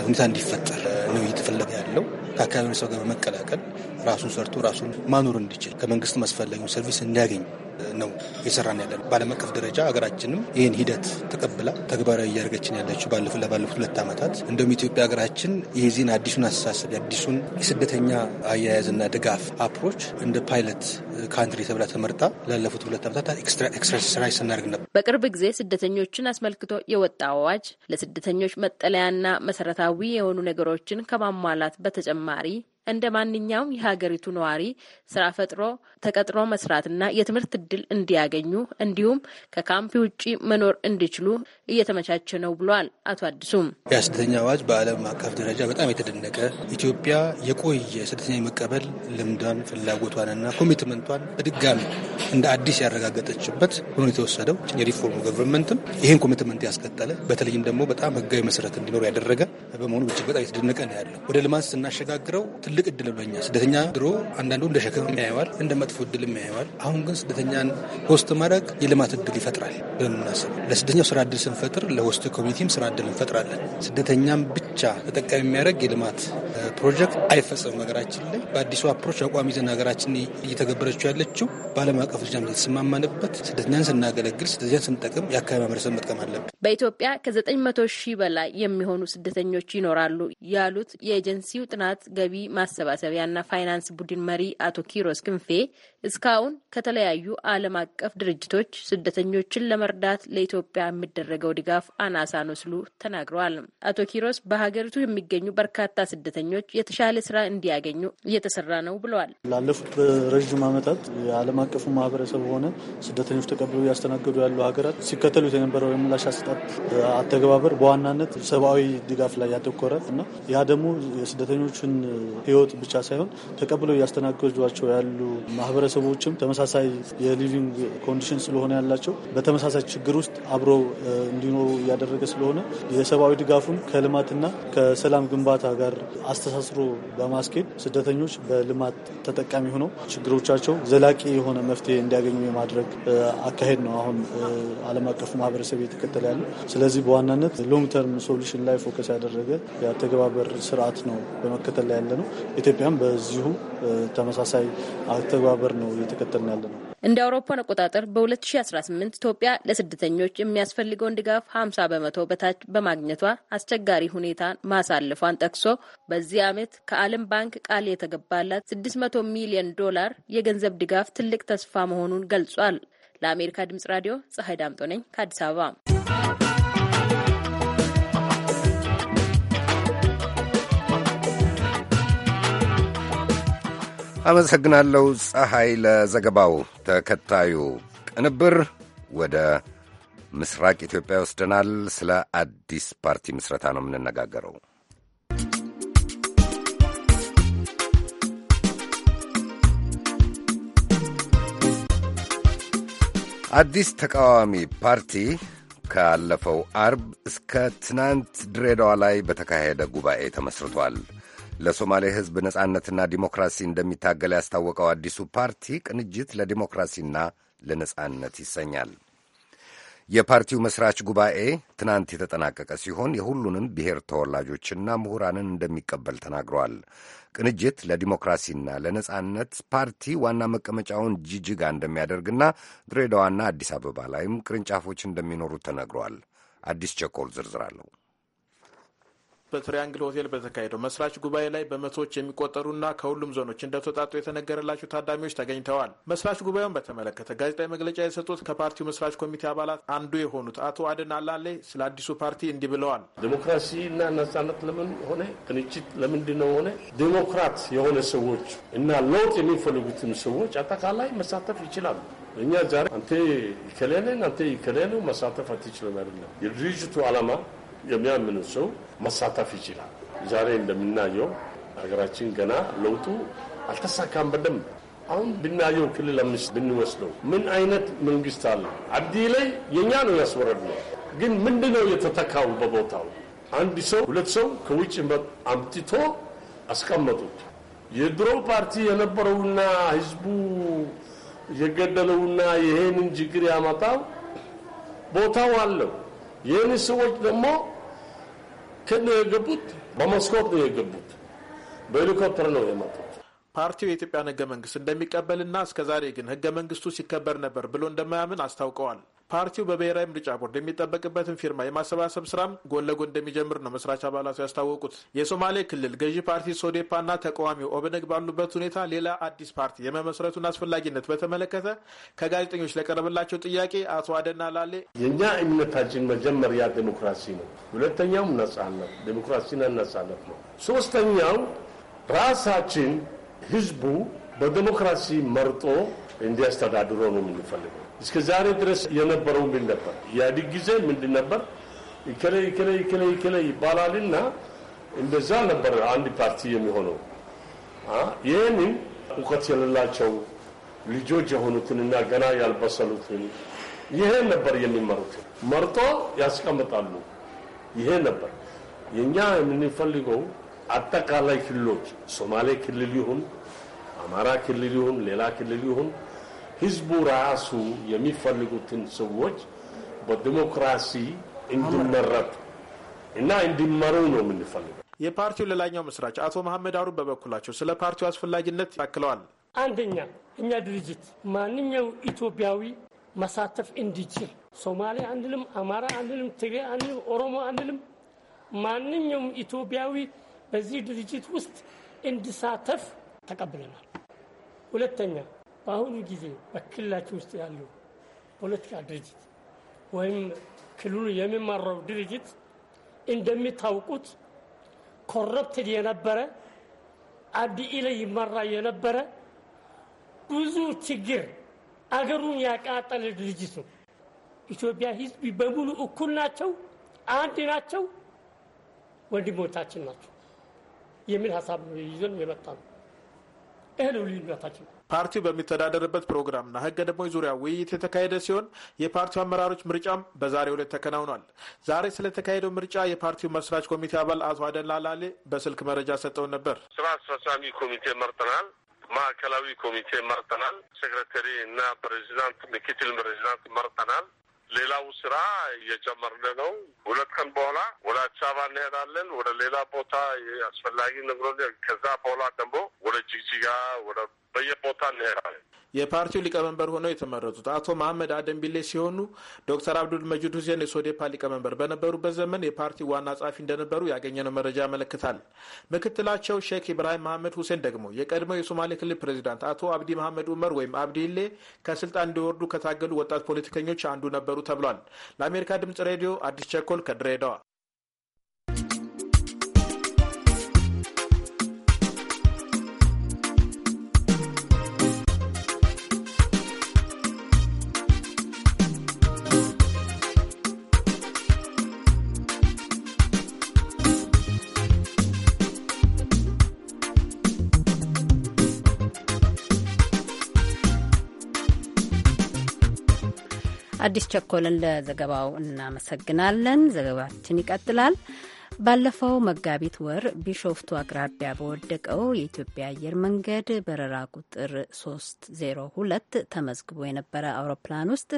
ሁኔታ እንዲፈጠር ነው እየተፈለገ ያለው ከአካባቢ ሰው ጋር በመቀላቀል ራሱን ሰርቶ ራሱን ማኖር እንዲችል ከመንግስት ማስፈላጊውን ሰርቪስ እንዲያገኝ ነው የሰራን ያለ በዓለም አቀፍ ደረጃ ሀገራችንም ይህን ሂደት ተቀብላ ተግባራዊ እያደረገችን ያለችው ባለፉት ለባለፉት ሁለት ዓመታት እንደውም ኢትዮጵያ ሀገራችን የዚህን አዲሱን አስተሳሰብ የአዲሱን የስደተኛ አያያዝና ድጋፍ አፕሮች እንደ ፓይለት ካንትሪ ተብላ ተመርጣ ላለፉት ሁለት ዓመታት ኤክሰርሳይዝ ስናደርግ ነበር። በቅርብ ጊዜ ስደተኞችን አስመልክቶ የወጣ አዋጅ ለስደተኞች መጠለያና መሰረታዊ የሆኑ ነገሮችን ከማሟላት በተጨማሪ እንደ ማንኛውም የሀገሪቱ ነዋሪ ስራ ፈጥሮ ተቀጥሮ መስራትና የትምህርት እድል እንዲያገኙ እንዲሁም ከካምፕ ውጭ መኖር እንዲችሉ እየተመቻቸ ነው ብሏል። አቶ አዲሱም የስደተኛ አዋጅ በዓለም አቀፍ ደረጃ በጣም የተደነቀ ኢትዮጵያ የቆየ ስደተኛ የመቀበል ልምዷን ፍላጎቷንና ኮሚትመንቷን በድጋሚ እንደ አዲስ ያረጋገጠችበት ሆኖ የተወሰደው የሪፎርም ገቨርንመንትም ይህን ኮሚትመንት ያስቀጠለ በተለይም ደግሞ በጣም ህጋዊ መሰረት እንዲኖር ያደረገ በመሆኑ እጅግ በጣም የተደነቀ ነው ያለው ወደ ልማት ስናሸጋግረው ትልቅ እድል ብለኛ ስደተኛ ድሮ አንዳንዱ እንደ ሸክም ያየዋል፣ እንደ መጥፎ እድል ያየዋል። አሁን ግን ስደተኛን ሆስት ማድረግ የልማት እድል ይፈጥራል ብለን ለስደተኛው ስራ እድል ስንፈጥር ለሆስት ኮሚኒቲም ስራ እድል እንፈጥራለን። ስደተኛም ብቻ ተጠቃሚ የሚያደርግ የልማት ፕሮጀክት አይፈጸምም ሀገራችን ላይ። በአዲሱ አፕሮች አቋም ይዘን ሀገራችን እየተገበረችው ያለችው በዓለም አቀፍ ደረጃ የተስማማንበት ስደተኛን ስናገለግል፣ ስደተኛን ስንጠቅም የአካባቢ ማህበረሰብ መጥቀም አለብን። በኢትዮጵያ ከዘጠኝ መቶ ሺህ በላይ የሚሆኑ ስደተኞች ይኖራሉ ያሉት የኤጀንሲው ጥናት ገቢ ማ ማሰባሰቢያና ፋይናንስ ቡድን መሪ አቶ ኪሮስ ክንፌ እስካሁን ከተለያዩ ዓለም አቀፍ ድርጅቶች ስደተኞችን ለመርዳት ለኢትዮጵያ የሚደረገው ድጋፍ አናሳ ነው ሲሉ ተናግረዋል። አቶ ኪሮስ በሀገሪቱ የሚገኙ በርካታ ስደተኞች የተሻለ ስራ እንዲያገኙ እየተሰራ ነው ብለዋል። ላለፉት በረዥም ዓመታት የዓለም አቀፉ ማህበረሰብ ሆነ ስደተኞች ተቀብለው እያስተናገዱ ያሉ ሀገራት ሲከተሉት የነበረው የምላሽ አሰጣጥ አተገባበር በዋናነት ሰብአዊ ድጋፍ ላይ ያተኮረ እና ያ ደግሞ የስደተኞችን ህይወት ብቻ ሳይሆን ተቀብለው እያስተናገዷቸው ያሉ ማህበረሰቦችም ተመሳሳይ የሊቪንግ ኮንዲሽን ስለሆነ ያላቸው በተመሳሳይ ችግር ውስጥ አብሮ እንዲኖሩ እያደረገ ስለሆነ የሰብአዊ ድጋፉን ከልማትና ከሰላም ግንባታ ጋር አስተሳስሮ በማስኬድ ስደተኞች በልማት ተጠቃሚ ሆነው ችግሮቻቸው ዘላቂ የሆነ መፍትሄ እንዲያገኙ የማድረግ አካሄድ ነው አሁን ዓለም አቀፉ ማህበረሰብ እየተከተለ ያለ። ስለዚህ በዋናነት ሎንግ ተርም ሶሉሽን ላይ ፎከስ ያደረገ የአተገባበር ስርዓት ነው በመከተል ላይ ያለ ነው። ኢትዮጵያም በዚሁ ተመሳሳይ አተባበር ነው እየተከተልን ያለ ነው። እንደ አውሮፓን አቆጣጠር በ2018 ኢትዮጵያ ለስደተኞች የሚያስፈልገውን ድጋፍ 50 በመቶ በታች በማግኘቷ አስቸጋሪ ሁኔታን ማሳለፏን ጠቅሶ በዚህ ዓመት ከዓለም ባንክ ቃል የተገባላት 600 ሚሊዮን ዶላር የገንዘብ ድጋፍ ትልቅ ተስፋ መሆኑን ገልጿል። ለአሜሪካ ድምጽ ራዲዮ ፀሐይ ዳምጦ ነኝ ከአዲስ አበባ። አመሰግናለሁ ፀሐይ ለዘገባው። ተከታዩ ቅንብር ወደ ምስራቅ ኢትዮጵያ ይወስደናል። ስለ አዲስ ፓርቲ ምስረታ ነው የምንነጋገረው። አዲስ ተቃዋሚ ፓርቲ ካለፈው አርብ እስከ ትናንት ድሬዳዋ ላይ በተካሄደ ጉባኤ ተመስርቷል። ለሶማሌ ሕዝብ ነጻነትና ዲሞክራሲ እንደሚታገል ያስታወቀው አዲሱ ፓርቲ ቅንጅት ለዲሞክራሲና ለነጻነት ይሰኛል። የፓርቲው መስራች ጉባኤ ትናንት የተጠናቀቀ ሲሆን የሁሉንም ብሔር ተወላጆችና ምሁራንን እንደሚቀበል ተናግረዋል። ቅንጅት ለዲሞክራሲና ለነጻነት ፓርቲ ዋና መቀመጫውን ጅጅጋ እንደሚያደርግና ድሬዳዋና አዲስ አበባ ላይም ቅርንጫፎች እንደሚኖሩ ተነግሯል። አዲስ ቸኮል ዝርዝር አለው። በትሪያንግል ሆቴል በተካሄደው መስራች ጉባኤ ላይ በመቶዎች የሚቆጠሩና ከሁሉም ዞኖች እንደተውጣጡ የተነገረላቸው ታዳሚዎች ተገኝተዋል። መስራች ጉባኤውን በተመለከተ ጋዜጣዊ መግለጫ የሰጡት ከፓርቲው መስራች ኮሚቴ አባላት አንዱ የሆኑት አቶ አድን አላሌ ስለ አዲሱ ፓርቲ እንዲህ ብለዋል። እና ነጻነት ለምን ሆነ? ክንችት ለምንድን ነው ሆነ? ዲሞክራት የሆነ ሰዎች እና ለውጥ የሚፈልጉትም ሰዎች አጠቃላይ መሳተፍ ይችላሉ። እኛ ዛሬ አንተ ይከሌለን አንተ ይከሌሉ መሳተፍ አትችልም አይደለም የድርጅቱ ዓላማ የሚያምን ሰው መሳተፍ ይችላል። ዛሬ እንደምናየው ሀገራችን ገና ለውጡ አልተሳካም በደንብ አሁን ብናየው ክልል አምስት ብንወስደው ምን አይነት መንግስት አለ? አዲ ላይ የእኛ ነው ነው። ግን ምንድ ነው የተተካው? በቦታው አንድ ሰው ሁለት ሰው ከውጭ አምጥቶ አስቀመጡት። የድሮ ፓርቲ የነበረውና ህዝቡ የገደለውና ይሄንን ችግር ያመጣው ቦታው አለው። ይህን ሰዎች ደግሞ ከት ነው የገቡት። በመስኮት ነው የገቡት። በሄሊኮፕተር ነው የመጡት። ፓርቲው የኢትዮጵያን ህገ መንግስት እንደሚቀበልና እስከዛሬ ግን ህገ መንግስቱ ሲከበር ነበር ብሎ እንደማያምን አስታውቀዋል። ፓርቲው በብሔራዊ ምርጫ ቦርድ የሚጠበቅበትን ፊርማ የማሰባሰብ ስራም ጎን ለጎን እንደሚጀምር ነው መስራች አባላቱ ያስታወቁት። የሶማሌ ክልል ገዢ ፓርቲ ሶዴፓና ተቃዋሚው ኦብነግ ባሉበት ሁኔታ ሌላ አዲስ ፓርቲ የመመስረቱን አስፈላጊነት በተመለከተ ከጋዜጠኞች ለቀረበላቸው ጥያቄ አቶ አደና ላሌ የእኛ እምነታችን መጀመሪያ ዴሞክራሲ ነው፣ ሁለተኛውም ነጻነት ዴሞክራሲና ነጻነት ነው፣ ሶስተኛው ራሳችን ህዝቡ በዴሞክራሲ መርጦ እንዲያስተዳድሮ ነው የምንፈልገው እስከ ዛሬ ድረስ የነበረው ምን ነበር? ኢህአዴግ ጊዜ ምንድን ነበር? ይከለ ይከለ ይከለ ይከለ ይባላልና እንደዛ ነበር አንድ ፓርቲ የሚሆነው። ይህንን እውቀት የሌላቸው ልጆች የሆኑትንና ገና ያልበሰሉትን ይሄ ነበር የሚመሩት፣ መርጦ ያስቀምጣሉ። ይሄ ነበር የእኛ የምንፈልገው አጠቃላይ ክልሎች፣ ሶማሌ ክልል ይሁን፣ አማራ ክልል ይሁን፣ ሌላ ክልል ይሁን ህዝቡ ራሱ የሚፈልጉትን ሰዎች በዲሞክራሲ እንዲመረጡ እና እንዲመሩ ነው የምንፈልገው። የፓርቲው ሌላኛው መስራች አቶ መሐመድ አሩ በበኩላቸው ስለ ፓርቲው አስፈላጊነት ያክለዋል። አንደኛ እኛ ድርጅት ማንኛው ኢትዮጵያዊ መሳተፍ እንዲችል ሶማሌ አንልም፣ አማራ አንልም፣ ትግሬ አንልም፣ ኦሮሞ አንልም፣ ማንኛውም ኢትዮጵያዊ በዚህ ድርጅት ውስጥ እንዲሳተፍ ተቀብለናል። ሁለተኛ በአሁኑ ጊዜ በክልላችን ውስጥ ያለው ፖለቲካ ድርጅት ወይም ክልሉ የሚመራው ድርጅት እንደሚታውቁት ኮረፕትድ የነበረ አብይ ላይ ይመራ የነበረ ብዙ ችግር አገሩን ያቃጠለ ድርጅት ነው። ኢትዮጵያ ሕዝብ በሙሉ እኩል ናቸው፣ አንድ ናቸው፣ ወንድሞቻችን ናቸው የሚል ሀሳብ ይዞን የመጣ ነው። ይህ ነው ልዩነታችን። ፓርቲው በሚተዳደርበት ፕሮግራምና ህገ ደሞች ዙሪያ ውይይት የተካሄደ ሲሆን የፓርቲው አመራሮች ምርጫም በዛሬው ዕለት ተከናውኗል። ዛሬ ስለተካሄደው ምርጫ የፓርቲው መስራች ኮሚቴ አባል አቶ አደን ላላሌ በስልክ መረጃ ሰጠውን ነበር። ስራ አስፈጻሚ ኮሚቴ መርጠናል። ማዕከላዊ ኮሚቴ መርጠናል። ሴክረተሪ እና ፕሬዚዳንት፣ ምክትል ፕሬዚዳንት መርጠናል። ሌላው ስራ እየጀመርን ነው። ሁለት ቀን በኋላ ወደ አዲስ አበባ እንሄዳለን። ወደ ሌላ ቦታ አስፈላጊ ንብሮ ከዛ በኋላ ደግሞ ወደ ጅግጅጋ ወደ በየቦታ እንሄዳለን። የፓርቲው ሊቀመንበር ሆነው የተመረጡት አቶ መሀመድ አደንቢሌ ሲሆኑ ዶክተር አብዱል መጅድ ሁሴን የሶዴፓ ሊቀመንበር በነበሩበት ዘመን የፓርቲው ዋና ጸሐፊ እንደነበሩ ያገኘነው መረጃ ያመለክታል። ምክትላቸው ሼክ ኢብራሂም መሐመድ ሁሴን ደግሞ የቀድሞው የሶማሌ ክልል ፕሬዚዳንት አቶ አብዲ መሐመድ ኡመር ወይም አብዲሌ ከስልጣን እንዲወርዱ ከታገሉ ወጣት ፖለቲከኞች አንዱ ነበሩ ተብሏል። ለአሜሪካ ድምጽ ሬዲዮ አዲስ ቸኮል ከድሬዳዋ አዲስ ቸኮልን ለዘገባው እናመሰግናለን። ዘገባችን ይቀጥላል። ባለፈው መጋቢት ወር ቢሾፍቱ አቅራቢያ በወደቀው የኢትዮጵያ አየር መንገድ በረራ ቁጥር 302 ተመዝግቦ የነበረ አውሮፕላን ውስጥ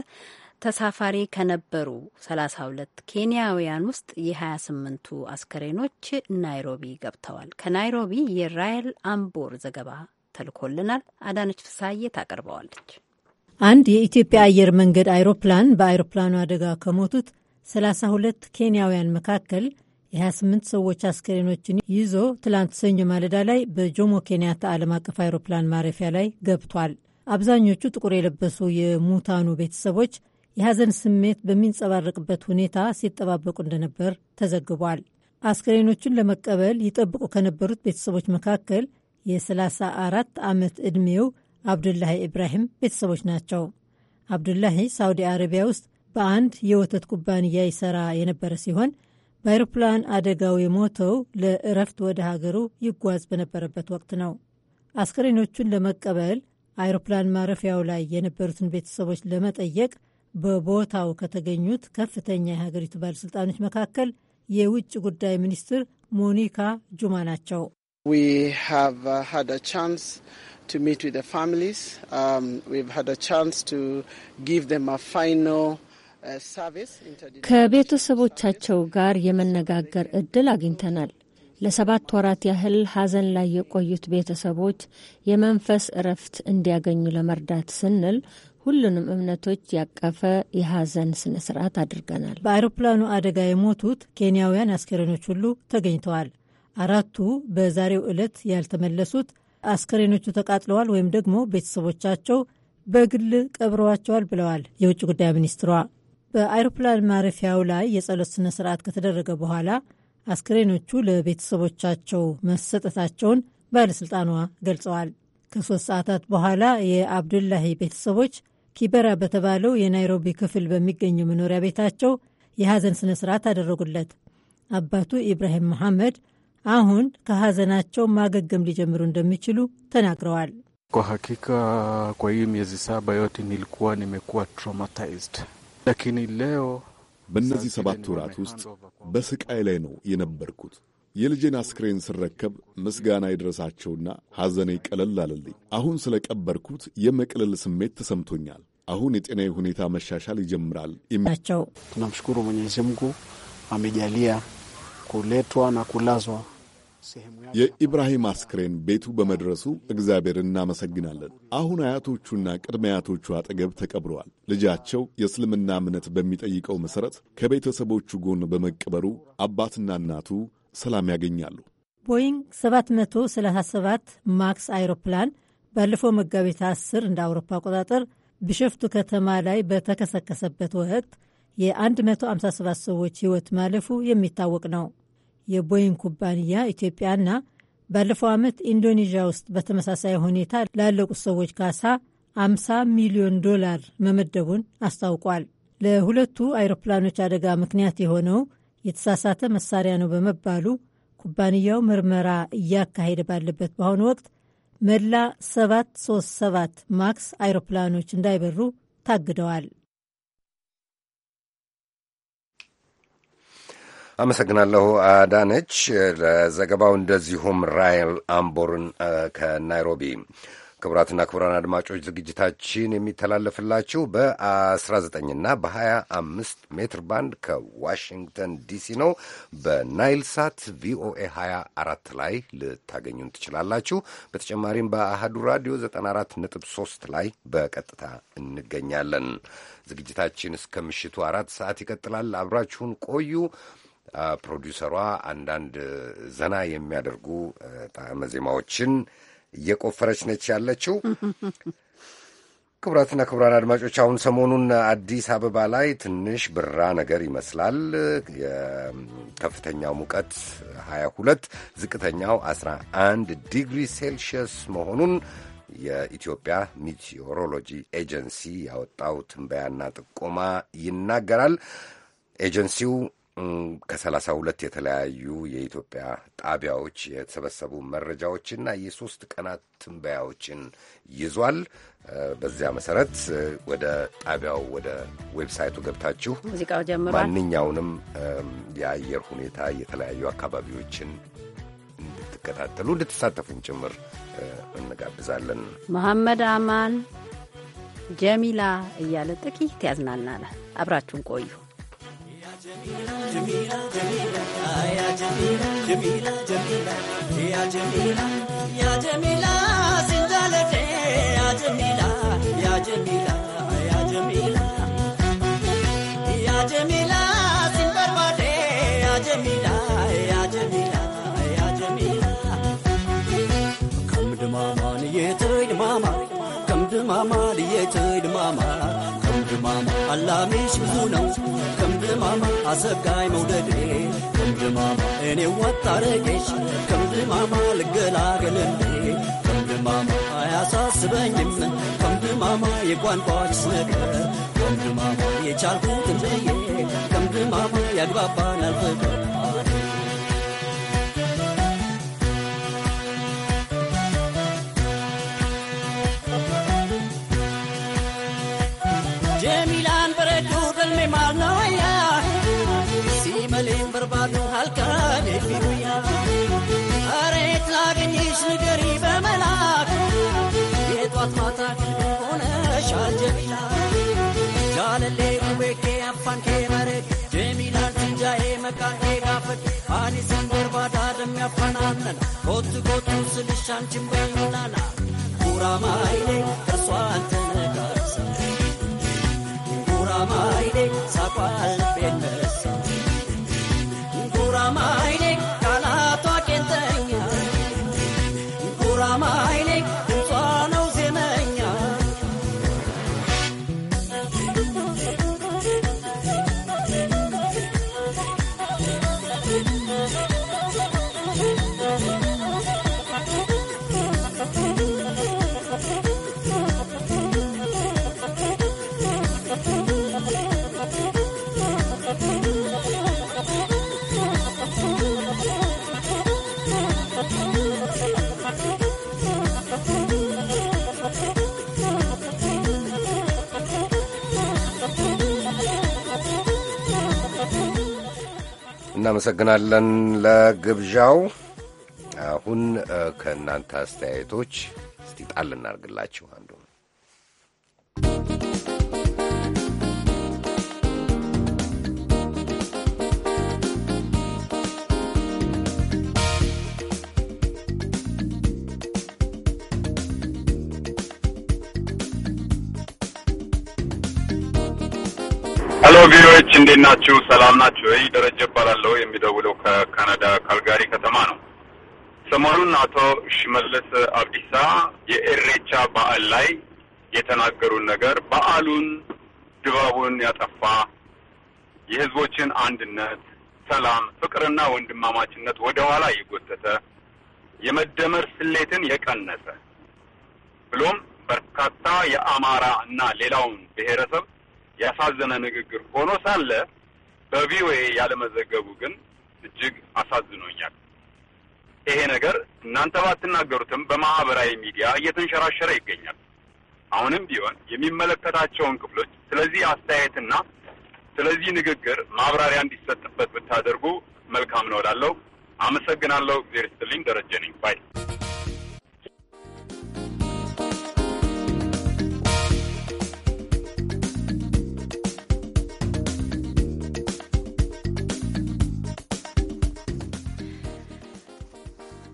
ተሳፋሪ ከነበሩ 32 ኬንያውያን ውስጥ የ28ቱ አስከሬኖች ናይሮቢ ገብተዋል። ከናይሮቢ የራይል አምቦር ዘገባ ተልኮልናል። አዳነች ፍሳዬ ታቀርበዋለች። አንድ የኢትዮጵያ አየር መንገድ አይሮፕላን በአይሮፕላኑ አደጋ ከሞቱት 32 ኬንያውያን መካከል የ28 ሰዎች አስከሬኖችን ይዞ ትላንት ሰኞ ማለዳ ላይ በጆሞ ኬንያታ ዓለም አቀፍ አይሮፕላን ማረፊያ ላይ ገብቷል። አብዛኞቹ ጥቁር የለበሱ የሙታኑ ቤተሰቦች የሐዘን ስሜት በሚንጸባረቅበት ሁኔታ ሲጠባበቁ እንደነበር ተዘግቧል። አስከሬኖቹን ለመቀበል ይጠብቁ ከነበሩት ቤተሰቦች መካከል የ34 ዓመት ዕድሜው አብዱላሂ ኢብራሂም ቤተሰቦች ናቸው። አብዱላሂ ሳውዲ አረቢያ ውስጥ በአንድ የወተት ኩባንያ ይሰራ የነበረ ሲሆን በአይሮፕላን አደጋው የሞተው ለእረፍት ወደ ሀገሩ ይጓዝ በነበረበት ወቅት ነው። አስከሬኖቹን ለመቀበል አይሮፕላን ማረፊያው ላይ የነበሩትን ቤተሰቦች ለመጠየቅ በቦታው ከተገኙት ከፍተኛ የሀገሪቱ ባለሥልጣኖች መካከል የውጭ ጉዳይ ሚኒስትር ሞኒካ ጁማ ናቸው። uh, to meet with the families. Um, we've had a chance to give them a final uh, ከቤተሰቦቻቸው ጋር የመነጋገር እድል አግኝተናል። ለሰባት ወራት ያህል ሐዘን ላይ የቆዩት ቤተሰቦች የመንፈስ እረፍት እንዲያገኙ ለመርዳት ስንል ሁሉንም እምነቶች ያቀፈ የሐዘን ስነ ስርዓት አድርገናል። በአይሮፕላኑ አደጋ የሞቱት ኬንያውያን አስከሬኖች ሁሉ ተገኝተዋል። አራቱ በዛሬው ዕለት ያልተመለሱት አስከሬኖቹ ተቃጥለዋል ወይም ደግሞ ቤተሰቦቻቸው በግል ቀብረዋቸዋል ብለዋል የውጭ ጉዳይ ሚኒስትሯ። በአይሮፕላን ማረፊያው ላይ የጸሎት ስነ ስርዓት ከተደረገ በኋላ አስከሬኖቹ ለቤተሰቦቻቸው መሰጠታቸውን ባለሥልጣኗ ገልጸዋል። ከሶስት ሰዓታት በኋላ የአብዱላሂ ቤተሰቦች ኪበራ በተባለው የናይሮቢ ክፍል በሚገኘው መኖሪያ ቤታቸው የሐዘን ስነ ስርዓት አደረጉለት። አባቱ ኢብራሂም መሐመድ አሁን ከሐዘናቸው ማገገም ሊጀምሩ እንደሚችሉ ተናግረዋል። kwa hakika kwa hii miezi saba yote nilikuwa nimekuwa traumatized lakini leo በእነዚህ ሰባት ወራት ውስጥ በስቃይ ላይ ነው የነበርኩት። የልጄን አስክሬን ስረከብ ምስጋና ይድረሳቸውና ሐዘኔ ቀለል አለልኝ። አሁን ስለቀበርኩት የመቅለል ስሜት ተሰምቶኛል። አሁን የጤናዊ ሁኔታ መሻሻል ይጀምራል ናቸው። tunamshukuru Mwenyezi kuletwa na kulazwa የኢብራሂም አስክሬን ቤቱ በመድረሱ እግዚአብሔር እናመሰግናለን። አሁን አያቶቹና ቅድመ አያቶቹ አጠገብ ተቀብረዋል። ልጃቸው የእስልምና እምነት በሚጠይቀው መሠረት ከቤተሰቦቹ ጎን በመቀበሩ አባትና እናቱ ሰላም ያገኛሉ። ቦይንግ 737 ማክስ አይሮፕላን ባለፈው መጋቢት 10 እንደ አውሮፓ አቆጣጠር ቢሸፍቱ ከተማ ላይ በተከሰከሰበት ወቅት የ157 ሰዎች ሕይወት ማለፉ የሚታወቅ ነው። የቦይንግ ኩባንያ ኢትዮጵያና ባለፈው ዓመት ኢንዶኔዥያ ውስጥ በተመሳሳይ ሁኔታ ላለቁት ሰዎች ካሳ 50 ሚሊዮን ዶላር መመደቡን አስታውቋል። ለሁለቱ አይሮፕላኖች አደጋ ምክንያት የሆነው የተሳሳተ መሳሪያ ነው በመባሉ ኩባንያው ምርመራ እያካሄደ ባለበት በአሁኑ ወቅት መላ 737 ማክስ አይሮፕላኖች እንዳይበሩ ታግደዋል። አመሰግናለሁ አዳነች ለዘገባው። እንደዚሁም ራይል አምቦርን ከናይሮቢ። ክቡራትና ክቡራን አድማጮች ዝግጅታችን የሚተላለፍላችሁ በ19ና በ25 ሜትር ባንድ ከዋሽንግተን ዲሲ ነው። በናይል ሳት ቪኦኤ 24 ላይ ልታገኙን ትችላላችሁ። በተጨማሪም በአህዱ ራዲዮ 3 ላይ በቀጥታ እንገኛለን። ዝግጅታችን እስከ ምሽቱ አራት ሰዓት ይቀጥላል። አብራችሁን ቆዩ። ፕሮዲውሰሯ አንዳንድ ዘና የሚያደርጉ ጣዕመ ዜማዎችን እየቆፈረች ነች ያለችው። ክቡራትና ክቡራን አድማጮች አሁን ሰሞኑን አዲስ አበባ ላይ ትንሽ ብራ ነገር ይመስላል። የከፍተኛው ሙቀት 22 ዝቅተኛው 11 ዲግሪ ሴልሺየስ መሆኑን የኢትዮጵያ ሚቲዎሮሎጂ ኤጀንሲ ያወጣው ትንበያና ጥቆማ ይናገራል። ኤጀንሲው ከሰላሳ ሁለት የተለያዩ የኢትዮጵያ ጣቢያዎች የተሰበሰቡ መረጃዎችና የሶስት ቀናት ትንበያዎችን ይዟል። በዚያ መሰረት ወደ ጣቢያው ወደ ዌብሳይቱ ገብታችሁ ሙዚቃው ጀምሯል። ማንኛውንም የአየር ሁኔታ የተለያዩ አካባቢዎችን እንድትከታተሉ እንድትሳተፉን ጭምር እንጋብዛለን። መሐመድ አማን ጀሚላ እያለ ጥቂት ያዝናናል። አብራችሁን ቆዩ። Kam dhimma maal iyyee ta'e dhimma maal. አላሚሽ ብዙ ነው ከምድማማ አሰጋይ መውደዴ ከምድማማ እኔ ዋታረቄሽ ከምድማማ ልገላገልንዴ ከምድማማ አያሳስበኝም ከምድማማ የቋንቋች ነገር ከምድማማ የቻልኩትን ብዬ ከምድማማ ያግባባናል ፍቅር ጠዋት ማታ ሆነሽ ጀሚላ ጃለሌ ውቤኬ አፋንኬ መሬት ጀሚላን ትንጃዬ መቃቄ ጋፈት አኒስን ጎርባዳ ደሚያፈናነን ኮት ኮቱ ስልሽ አንቺን በይናና ጉራማይሌ ከሷ አንተነጋሰ ጉራማይሌ ሳቋል ጉራማይ እናመሰግናለን ለግብዣው። አሁን ከእናንተ አስተያየቶች እስቲ ጣል እናርግላችሁ አንዱ እንዴት ናችሁ? ሰላም ናችሁ? ይህ ደረጀ እባላለሁ። የሚደውለው ከካናዳ ካልጋሪ ከተማ ነው። ሰሞኑን አቶ ሽመልስ አብዲሳ የኤሬቻ በዓል ላይ የተናገሩን ነገር በዓሉን ድባቡን ያጠፋ የህዝቦችን አንድነት፣ ሰላም፣ ፍቅርና ወንድማማችነት ወደ ኋላ የጎተተ የመደመር ስሌትን የቀነሰ ብሎም በርካታ የአማራ እና ሌላውን ብሔረሰብ ያሳዘነ ንግግር ሆኖ ሳለ በቪኦኤ ያለመዘገቡ ግን እጅግ አሳዝኖኛል። ይሄ ነገር እናንተ ባትናገሩትም በማህበራዊ ሚዲያ እየተንሸራሸረ ይገኛል። አሁንም ቢሆን የሚመለከታቸውን ክፍሎች ስለዚህ አስተያየትና ስለዚህ ንግግር ማብራሪያ እንዲሰጥበት ብታደርጉ መልካም ነው እላለሁ። አመሰግናለሁ። እግዜር ይስጥልኝ። ደረጀ ነኝ ባይ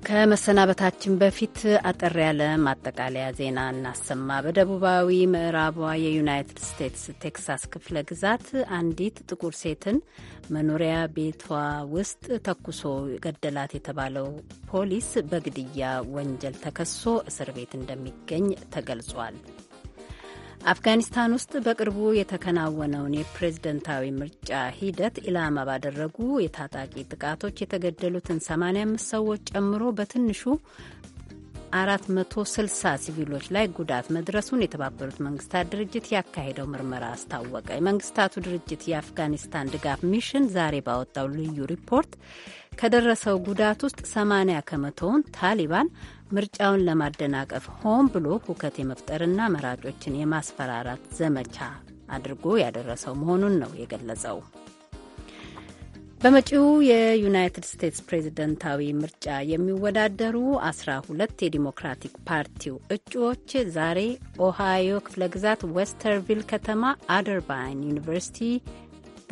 ከመሰናበታችን በፊት አጠር ያለ ማጠቃለያ ዜና እናሰማ። በደቡባዊ ምዕራቧ የዩናይትድ ስቴትስ ቴክሳስ ክፍለ ግዛት አንዲት ጥቁር ሴትን መኖሪያ ቤቷ ውስጥ ተኩሶ ገደላት የተባለው ፖሊስ በግድያ ወንጀል ተከሶ እስር ቤት እንደሚገኝ ተገልጿል። አፍጋኒስታን ውስጥ በቅርቡ የተከናወነውን የፕሬዝደንታዊ ምርጫ ሂደት ኢላማ ባደረጉ የታጣቂ ጥቃቶች የተገደሉትን 85 ሰዎች ጨምሮ በትንሹ 460 ሲቪሎች ላይ ጉዳት መድረሱን የተባበሩት መንግስታት ድርጅት ያካሄደው ምርመራ አስታወቀ። የመንግስታቱ ድርጅት የአፍጋኒስታን ድጋፍ ሚሽን ዛሬ ባወጣው ልዩ ሪፖርት ከደረሰው ጉዳት ውስጥ 80 ከመቶውን ታሊባን ምርጫውን ለማደናቀፍ ሆን ብሎ ሁከት የመፍጠርና መራጮችን የማስፈራራት ዘመቻ አድርጎ ያደረሰው መሆኑን ነው የገለጸው። በመጪው የዩናይትድ ስቴትስ ፕሬዝደንታዊ ምርጫ የሚወዳደሩ አስራ ሁለት የዲሞክራቲክ ፓርቲው እጩዎች ዛሬ ኦሃዮ ክፍለ ግዛት ዌስተርቪል ከተማ አደርባይን ዩኒቨርሲቲ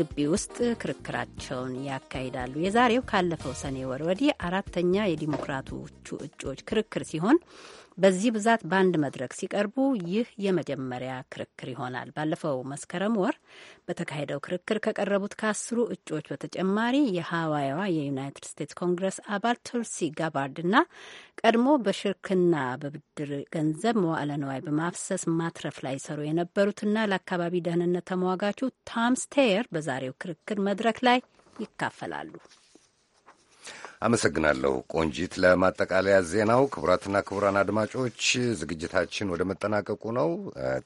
ግቢ ውስጥ ክርክራቸውን ያካሂዳሉ። የዛሬው ካለፈው ሰኔ ወር ወዲህ አራተኛ የዲሞክራቶቹ እጩዎች ክርክር ሲሆን በዚህ ብዛት በአንድ መድረክ ሲቀርቡ ይህ የመጀመሪያ ክርክር ይሆናል። ባለፈው መስከረም ወር በተካሄደው ክርክር ከቀረቡት ከአስሩ እጩዎች በተጨማሪ የሃዋይዋ የዩናይትድ ስቴትስ ኮንግረስ አባል ቱልሲ ጋባርድ እና ቀድሞ በሽርክና በብድር ገንዘብ መዋዕለ ንዋይ በማፍሰስ ማትረፍ ላይ ሰሩ የነበሩትና ለአካባቢ ደህንነት ተሟጋቹ ታም ስቴየር በዛሬው ክርክር መድረክ ላይ ይካፈላሉ። አመሰግናለሁ ቆንጂት። ለማጠቃለያ ዜናው ክቡራትና ክቡራን አድማጮች ዝግጅታችን ወደ መጠናቀቁ ነው።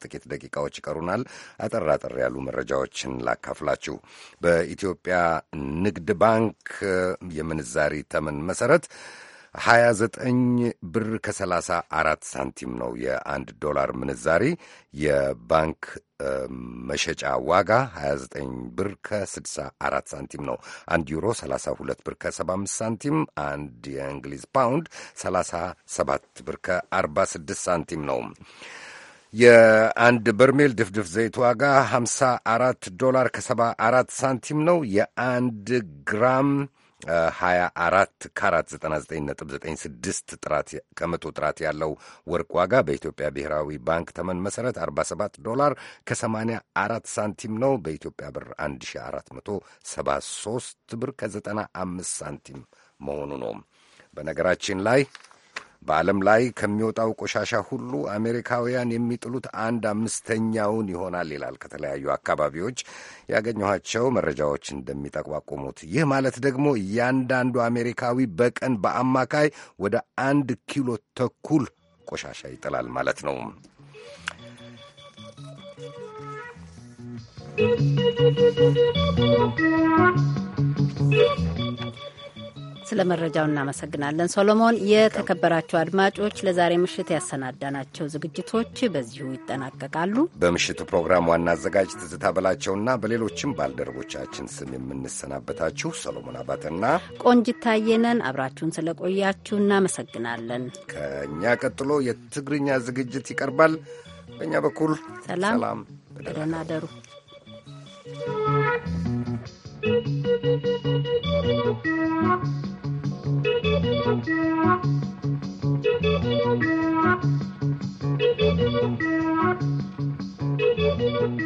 ጥቂት ደቂቃዎች ይቀሩናል። አጠር አጠር ያሉ መረጃዎችን ላካፍላችሁ። በኢትዮጵያ ንግድ ባንክ የምንዛሪ ተመን መሰረት 29 ብር ከ34 ሳንቲም ነው የአንድ ዶላር ምንዛሪ የባንክ መሸጫ ዋጋ 29 ብር ከ64 ሳንቲም ነው። አንድ ዩሮ 32 ብር ከ75 ሳንቲም፣ አንድ የእንግሊዝ ፓውንድ 37 ብር ከ46 ሳንቲም ነው። የአንድ በርሜል ድፍድፍ ዘይት ዋጋ 54 ዶላር ከ74 ሳንቲም ነው። የአንድ ግራም 24 ካራት 99.96 ጥራት ከመቶ ጥራት ያለው ወርቅ ዋጋ በኢትዮጵያ ብሔራዊ ባንክ ተመን መሰረት 47 ዶላር ከ84 ሳንቲም ነው። በኢትዮጵያ ብር 1473 ብር ከ95 ሳንቲም መሆኑ ነው። በነገራችን ላይ በዓለም ላይ ከሚወጣው ቆሻሻ ሁሉ አሜሪካውያን የሚጥሉት አንድ አምስተኛውን ይሆናል ይላል። ከተለያዩ አካባቢዎች ያገኘኋቸው መረጃዎች እንደሚጠቋቁሙት ይህ ማለት ደግሞ እያንዳንዱ አሜሪካዊ በቀን በአማካይ ወደ አንድ ኪሎ ተኩል ቆሻሻ ይጥላል ማለት ነው። Thank you. ስለ መረጃው እናመሰግናለን ሶሎሞን። የተከበራቸው አድማጮች ለዛሬ ምሽት ያሰናዳናቸው ዝግጅቶች በዚሁ ይጠናቀቃሉ። በምሽቱ ፕሮግራም ዋና አዘጋጅ ትዝታ በላቸውና በሌሎችም ባልደረቦቻችን ስም የምንሰናበታችሁ ሶሎሞን አባተና ቆንጂት አብራችሁን ስለቆያችሁ እናመሰግናለን። ከእኛ ቀጥሎ የትግርኛ ዝግጅት ይቀርባል። በእኛ በኩል ሰላም፣ ደህና አደሩ። Thank you. Thank you.